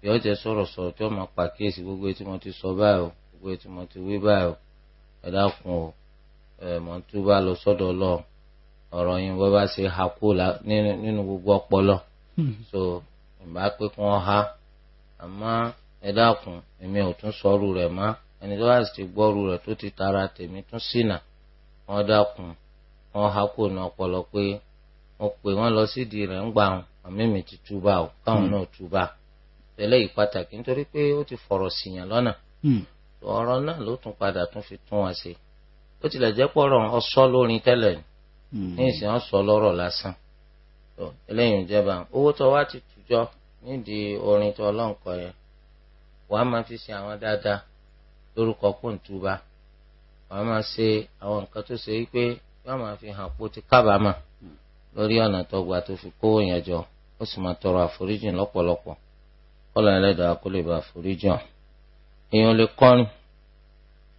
bí ọ̀jẹ̀ sọ̀rọ̀sọ̀rọ̀ tí wọ́n máa pàkíyèsí gbogbo etí mo ti sọ báyìí o gbogbo etí mo ti wí báyìí o ẹ o ẹ̀mọ̀ tó bá lọ sọ́dọ̀ Ọlọ́run ọ̀rọ̀ yín bọ́ bá ṣe ha kó nínú gbogbo ọpọlọ so ìgbà pé kí wọ́n ha àmọ́ ẹ dákun èmi ò tún sọ́ọ́rù rẹ̀ mọ́ ẹni tó bá sì ti gbọ́rù rẹ̀ tó ti tara tèmi tún ṣìnà wọ́n dákun wọ́n ha kó ní ọpọlọ pé wọ́n pè wọ́n lọ sídìí rẹ̀ ń gbà wọn àmẹ́mẹ́ ti túbà o káwọn náà túbà tẹ́lẹ̀ yìí pàtàkì nítorí pé ó ti fọ̀rọ̀ síyàn lọ́nà hmm. ọ̀rọ̀ náà ló tún padà tún fi tún wa ṣe ó tilẹ̀ jẹ́ pọ̀rọ̀ ọ̀sọ́ lórin tẹ́lẹ̀ hmm. ní ìsìn ọ̀sọ́ lọ́rọ̀ lásán eléyìí ń jẹba owó tó wá ti tùjọ nídìí orin tó ọlọ́nkọ yẹn wàá máa fi ṣe àwọn dáadáa lórúkọ pòǹtùbà wàá máa ṣe àwọn nǹkan tó ṣe wípé yóò máa fi hàn pé ti kábàámà hmm. lórí ọ̀nà tó gba tó fi kówó yẹn jọ ó sì máa tọrọ àforíjì lọ́pọ̀lọpọ̀ kọ́lọ̀ ẹlẹ́dàá kó lè bá àforíjì hàn èèyàn lè kọrin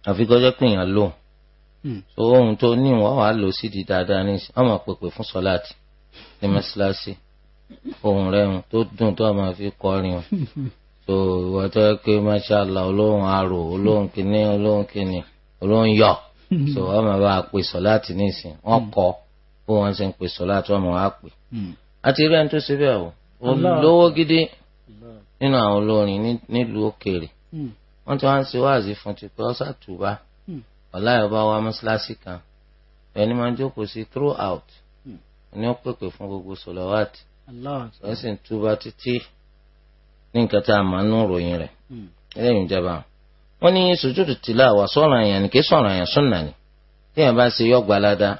àfi gọ́jọ́ pé èèyàn lò hmm. so ohun tó ní ìwọ́n wàá lò sídìí dáadáa ní ọmọ pèpè fún sọláàtì ní mẹ́sàlásì ohun rẹ̀hùn tó dùn tó máa fi kọrin o so ìwọ́n tó yẹ pé mashallah olóhùn arò olóhùn kìíní olóhùn kìíní olóhùn yọ so ọmọ bá a pè sọláàtì ní ìsìn wọn kọ bó wọn ṣe ń pè sọláàtì ọmọ wa pè. àti irú ẹni tó ṣe bẹ́ẹ̀ o olówó gidi nínú àwọn olórin nílùú òkèèrè hmm. wọ́n ti wá ń ṣe wáàzí fún ti pé ọ́sà tùbá hmm. wa mọ́ṣáláṣí kan ẹni máa ń jókòó sí throughout hmm. ni ó pèpè fún gbogbo sọlọ́wàtì wọ́n sì ń túbá títí ní nǹkan tá a máa ń ròyìn rẹ̀ ẹlẹ́yìn ìjọba wọ́n ní sùjúdù tìláwà sọ̀ràn èèyàn ní kí sọ̀ràn èèyàn èèyàn bá ṣe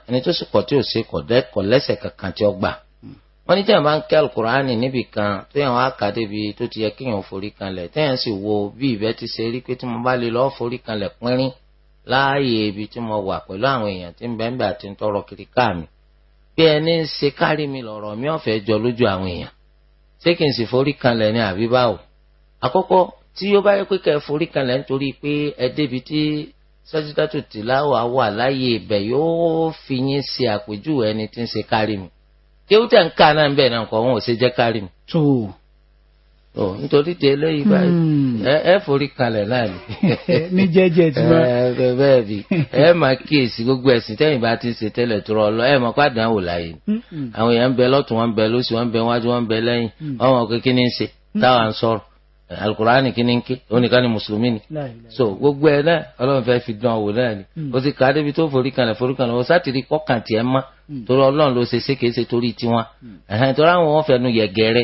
ẹni tó sì kọ̀ tí ò ṣe wọ́n ní tẹ́yàn bá ń kẹ́ alukur'ani níbì kan tẹ́yàn wá kà débi tó ti yẹ kéèyàn forí kanlẹ̀ tẹ́yàn sì wo bí ìbẹ́ ti ṣe rí pé tí mo bá lè lọ́ọ́ forí kanlẹ̀ pínrín láàyè ibi tí mo wà pẹ̀lú àwọn èèyàn tí ń bẹ́ẹ̀ bẹ́ẹ̀ àti ń tọrọ kiri ká mi bí ẹni ń ṣe kárí mi lọ̀rọ̀ mi ọ̀fẹ́ jọ lójú àwọn èèyàn ṣé kí n sì forí kanlẹ̀ ní àbí báwo àkọ́kọ́ tí ó bá yẹ pé kẹ́ kéwù tẹ̀ ń kà náà bẹ́ẹ̀ náà kọ́ wọn ò ṣe jẹ́ kárí mi. tó o nítorí tí eléyìí báyìí hmm. ẹ forí kalẹ̀ náà ni. (laughs) ní jẹ́jẹ́ tí wọ́n. (laughs) ẹ bẹ́ẹ̀ bí ẹ máa kíyèsí gbogbo ẹ̀sìn tẹ́yìn bá ti ń ṣe tẹ́lẹ̀ tó rọ ọ lọ ẹ mọ̀ pàdán wò láàyè ni. Hmm. àwọn èèyàn ń bẹ lọ́tún wọn ń bẹ lósì wọn ń bẹ wájú wọn ń bẹ lẹ́yìn ọmọ kékeré ní ṣe hmm. táwa ń sọ̀rọ̀ alukurani kini nke onika ni mùsùlùmí ni so gbogbo ẹ náà ọlọ́run fẹ́ fi dán wò náà ni o ti kàá débi tó forí kalẹ̀ forí kalẹ̀ o sátìrí kọ́kàntì ẹ̀ máa Hmm. torí ọlọ́run ló ṣe ṣéke ṣe torí tiwọn hmm. torí àwọn wọn fẹnu yẹgẹrẹ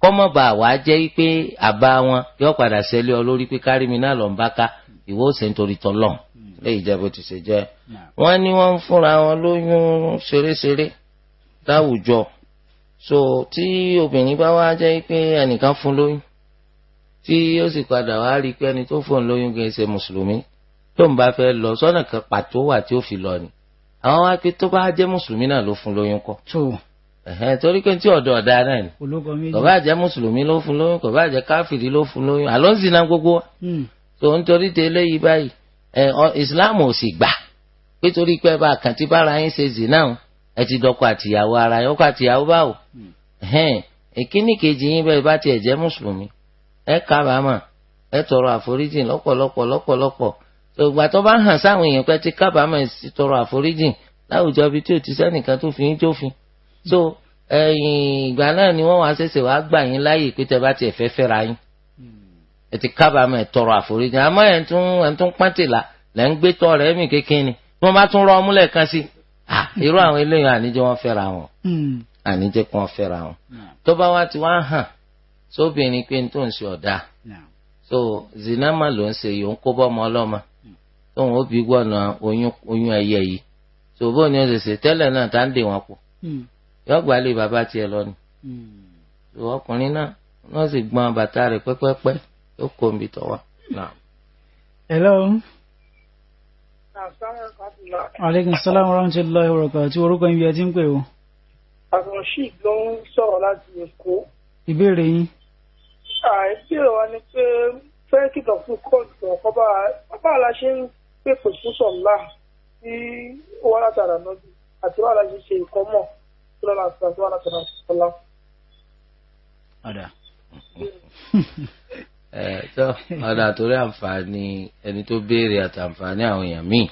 kọ́mọ̀bà wàá jẹ́ pé àbá wọn yóò padà ṣẹlẹ̀ ọ lórí pé kárí mi náà lọ ń bá ká ìwọ ò ṣe nítorí tọlọ́run hmm. léyìí jẹ́ bó ti ṣe jẹ́ wọ́n ní wọ́n ń fúnra wọn lóyún ṣeréṣeré láwùjọ so tí obìnrin bá wá jẹ́ pé ẹnìkan fún lóyún tí ó sì padà wá rí i pé ẹni tó fún lóyún kì ṣe mùsùlùmí tó ń bá fẹ́ lọ sọ́nà pàtó wà tí ó fi lọ ni àwọn wá pé tó bá jẹ́ mùsùlùmí náà ló fún lóyún kọ́. torí pé tí ọ̀dọ̀ ọ̀dà náà ni kò bá jẹ́ mùsùlùmí ló fún lóyún kò bá jẹ́ káfìrí ló fún lóyún àlọ́ ń gbogbo wa. tó ń torí tẹ eléyìí báyìí ìsìláàmù ò sì gbà pé torí pé bá àkàntí bára yín ṣe ti dọkọ àtìyàwó ara yín ọkọ àtìyàwó hmm. kejì yín bẹ́ẹ̀ ìgbà tó bá hàn sáwọn èèyàn pé tí kábàámọ̀ sì àforíjì láwùjọ ibi tí ò ti sẹ́nìkan tó fi ń jófin so ìgbà náà ni wọ́n wá ṣẹ̀ṣẹ̀ wá gbà yín láàyè pé tẹ bá tiẹ̀ fẹ́ fẹ́ra yín ẹ ti kábàámọ̀ ẹ tọrọ àforíjì àmọ́ ẹ̀ tún ẹ̀ tún pọ́ntìlá lẹ́ ń gbé tọ́ rẹ̀ mí kékeré bí wọ́n bá tún rọ ọmúlẹ̀ kan sí irú àwọn eléyìí àníjẹ́ wọ́n fẹ́ra wọn hmm. àníjẹ́ kan fẹ́ra wọn tó bá wá ti wá hàn sóbìnrin pé n tó ń ṣe ọ̀dà hmm. so zinama ló ń ṣe yòó ń ọlọ́mọ tóun ó bí gbọ́nà oyún oyún ẹyẹ yìí ṣòbó ni ó ṣe ṣe tẹ́lẹ̀ náà tá ń dè wọn pọ̀ hmm. yọgbà lè bàbá tiẹ̀ lọ ni hmm. ọkùnrin náà wọ́n sì gbọ́n bàtà rẹ̀ pẹ́pẹ́pẹ́ ó kó omi tọ̀ wá. hello. aleykum salaam wa rahmatulahi wa barakatuh tí orúkọ yín ẹ ti ń pè o. àwọn sheik ló ń sọ̀rọ̀ láti èkó. ìbéèrè yín. ìbéèrè wa ni pé fẹ́ kìtọ̀ fún kóòtù ọ̀kọ́ bá a ṣe ń pèpè fún sọ̀lá tí ó wá látara nọ́bì àti wàá láti ṣe ìkọ́ mọ̀ tó lọ́la àti àti wàá látara sọ̀lá. ọ̀dà tó ọ̀dà torí àǹfààní ẹni tó béèrè àti àǹfààní àwọn èèyàn míì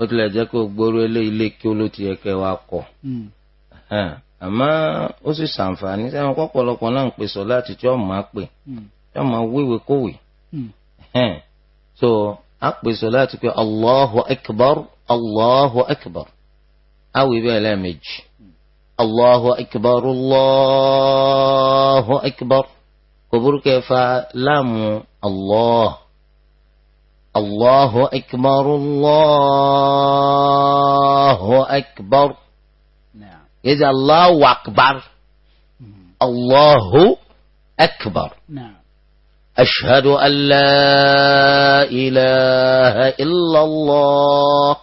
ó tilẹ̀ jẹ́ kó gbóró ilé kí ó ló ti yẹ kẹ́ wa kọ̀ hmm. àmọ́ ó sì ṣàǹfààní sẹ́wọ̀n pọ̀pọ̀lọpọ̀ náà ń pè sọ hmm. láti tí ọ̀ma pè tí ọ̀ma wíwèé kówèé hmm. so أقبل صلاتك الله أكبر الله أكبر أو بلامج الله أكبر الله أكبر كبرك فلام الله الله أكبر الله أكبر نعم إذا الله أكبر الله أكبر نعم أشهد أن لا إله إلا الله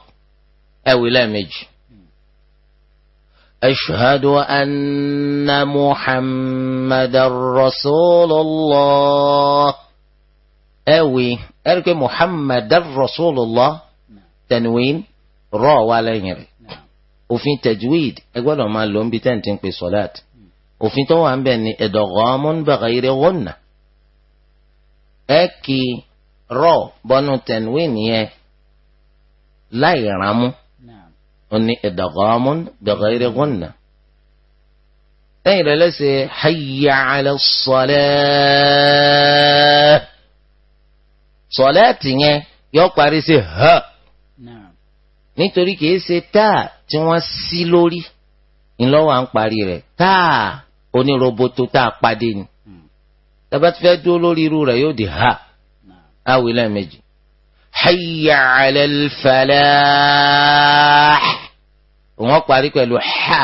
أو لامج أشهد أن محمد رسول الله أو أرك محمد رسول الله تنوين را ولا وفي تجويد أقول ما لهم بتنتين في صلاة وفي توهم بني إدغام بغير غنّة ẹ kì í rọ bọ́nú tẹ̀wé nìyẹn láì ramú ó ní idghamun bighayri gunna. lẹ́yìn rẹ̀ lẹ́sẹ̀ hayya ala salah sọ̀lẹ́ẹ̀tì yẹn yọ parí sí ha nítorí kìí ṣe táà tí wọ́n sí lórí ńlọ́wọ́ à ń parí rẹ̀ táà oníroboto táà padé ni tàbá ti fẹ́ dúró lórí irú rẹ̀ yóò di ha awì lẹ́ẹ̀mejì hayya ala al-falah wọ́n parí pẹ̀lú ha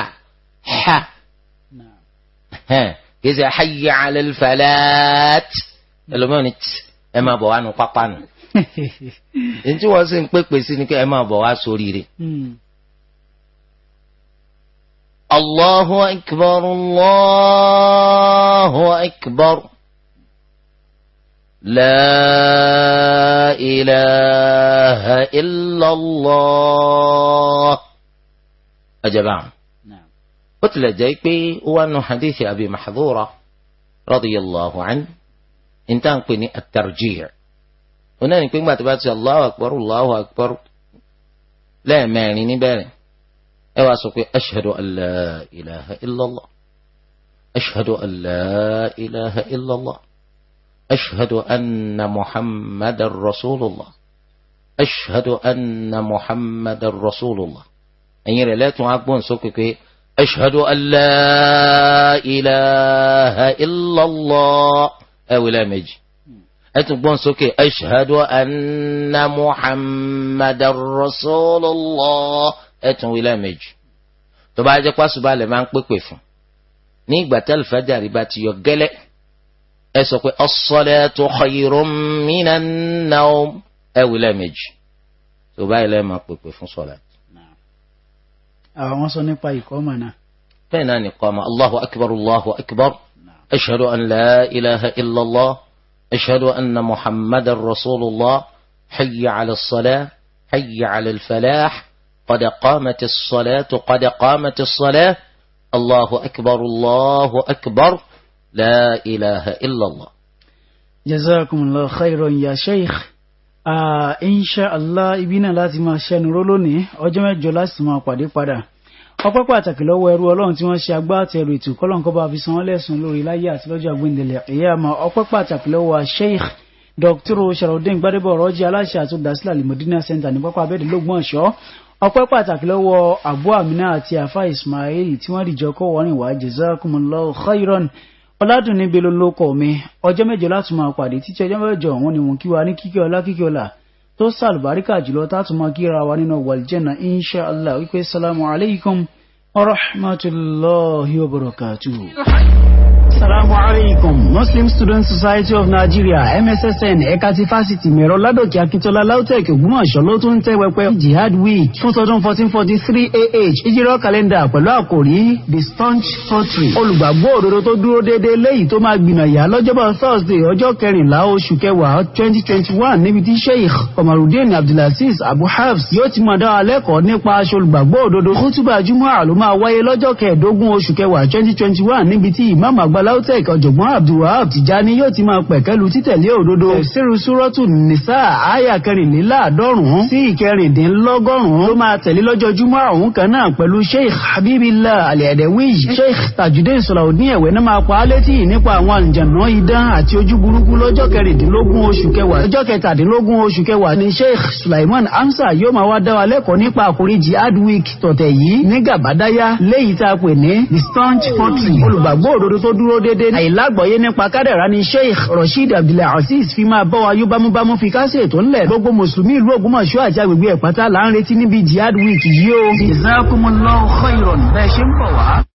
ha kì í ṣe hayya ala al-falat ẹlòmíràn ni ẹ máa bọ̀ wá nu pápá nu (laughs) ntí wọ́n sì ń pèpè sí ni pé ẹ máa bọ̀ wá sóríire. Hmm. Allahu akbar Allahu akbar. لا إله إلا الله أجمع نعم قتل جيبي وأن حديث أبي محظورة رضي الله عنه إن تنقني الترجيع هنا نقول ما تبات الله أكبر الله أكبر لا ماني نبالي أواسق أشهد أن لا إله إلا الله أشهد أن لا إله إلا الله أشهد أن محمد رسول الله أشهد أن محمد رسول الله أن يرلات معبون سوكك أشهد أن لا إله إلا الله أو لا مجي أتبون سوكي أشهد أن محمد رسول الله أتبون لا مجي تبعجك واسبالي ما نقبك وفن نيك باتل فجاري باتي يو أسوكي الصلاة خير من النوم أو لامج سوبا إلا ما قوكي فن صلاة أهو مصني باي كومانا فين أني قام الله أكبر الله أكبر أشهد أن لا إله إلا الله أشهد أن محمد رسول الله حي على الصلاة حي على الفلاح قد قامت الصلاة قد قامت الصلاة الله أكبر الله أكبر la ilaha illallah. jazakumullahu khairan ya sheikh inshallah ibi náà láti máa ṣẹnu ró lónìí ọjọ́ mẹ́jọ láti máa pàdé padà ọpẹ́ pàtàkì lọ́wọ́ ẹrú ọlọ́run tí wọ́n ṣe agbátẹrù ètò kọ́lọ́nkọ́ bá fi san wọ́n lẹ́sùn lórí láyé àti lọ́jọ́ àgbéǹdẹ̀lẹ̀ ìyáàmà ọpẹ́ pàtàkì lọ́wọ́ sheikh dr sharafdin gbadebo ọ̀rọ̀jì aláṣẹ àti olùdásílẹ̀ alimọ̀dínà center ní pápá abẹ́ẹ̀dẹ̀ lọ́gbọ̀n ọ̀ṣọ́ ọpẹ́ pàtàkì lọ́wọ́ abu amina àti afa ismail tí wọ́n dìjọ kọ́ wọ́n rìn wá jazakumullahu khairan ọládùn níbi lolóko mi ọjọ́ mẹ́jọ láti máa pàdé títí ọjọ́ mẹ́jọ ọ̀hún ni wọ́n kí wa ní kíkẹ́ ọlá kíkẹ́ ọlá tó sàlùbáríkà jùlọ táàtù máa kíra wa nínú wàlìjẹ́nà insha allah wípé salamu alaykum wa rahmatulahi wa barakatuhu. Assalamu alaikum. Muslim Student Society of Nigeria MSSN Ekati ti fásitì Mẹ̀rọ Ládòkè Akíntola Lautech Ògbómọ̀ṣọ́ ló tún ń tẹ́ Jihad Week fún tọdún fourteen forty three AH ìjírọ̀ kàlẹ́ndà pẹ̀lú àkòrí The Staunch Country. Olùgbàgbọ́ òdodo tó dúró déédéé léyìí tó máa gbìnà yà lọ́jọ́bọ̀ Thursday ọjọ́ kẹrìnlá oṣù kẹwàá twenty twenty one níbi tí Sheikh Omarudin Abdulaziz Abu Hafs yóò ti máa dá wa lẹ́kọ̀ọ́ nípa aṣọ olùgbàgbọ́ òdodo. Kútùbà Júmọ́ àlọ́ máa wáyé lọ́jọ́ kẹẹ̀ẹ́dógún oṣù kẹwàá twenty twenty one níbi tí ìmáàmù àgbàl lautech ọ̀jọ̀gbọ́n abdulwahab tijani yóò ti máa pẹ̀kẹ́lu títẹ̀lé òdodo tẹ̀síru súrọ́tù nìsá àyà kẹrìnléláàádọ́rùn-ún sí ìkẹrìndínlọ́gọ́rùn-ún ló máa tẹ̀lé lọ́jọ́ júmọ́ ọ̀hún kan náà pẹ̀lú sheikh habibillah aliyadewiy sheikh tajudeen sọ̀làwọ̀dín ẹ̀wẹ̀ náà máa pa á létí nípa àwọn àǹjàná idán àti ojú burúkú lọ́jọ́ kẹrìndínlógún oṣù kẹwàá lọ́jọ́ sheikh sulaiman hamza yóò wa lẹ́kọ̀ọ́ nípa àkóríjì hardwick tọ̀tẹ̀ yìí ní gàbádáyà léyìí tá country olùgbàgbọ́ òdodo tó dúró dúró déédéé àìlágbọ̀yé nípa kádàrá ni sheikh rasheed abdulaziz fi máa bọ́ wa yó bámúbámú fi kásẹ̀ ètò ńlẹ̀ gbogbo mùsùlùmí ìlú ògbómọ̀ṣọ́ àti agbègbè ẹ̀pátá là ń retí níbi jihad week yìí o. jazakumullahu khairan bẹ́ẹ̀ ṣe ń bọ̀ wá.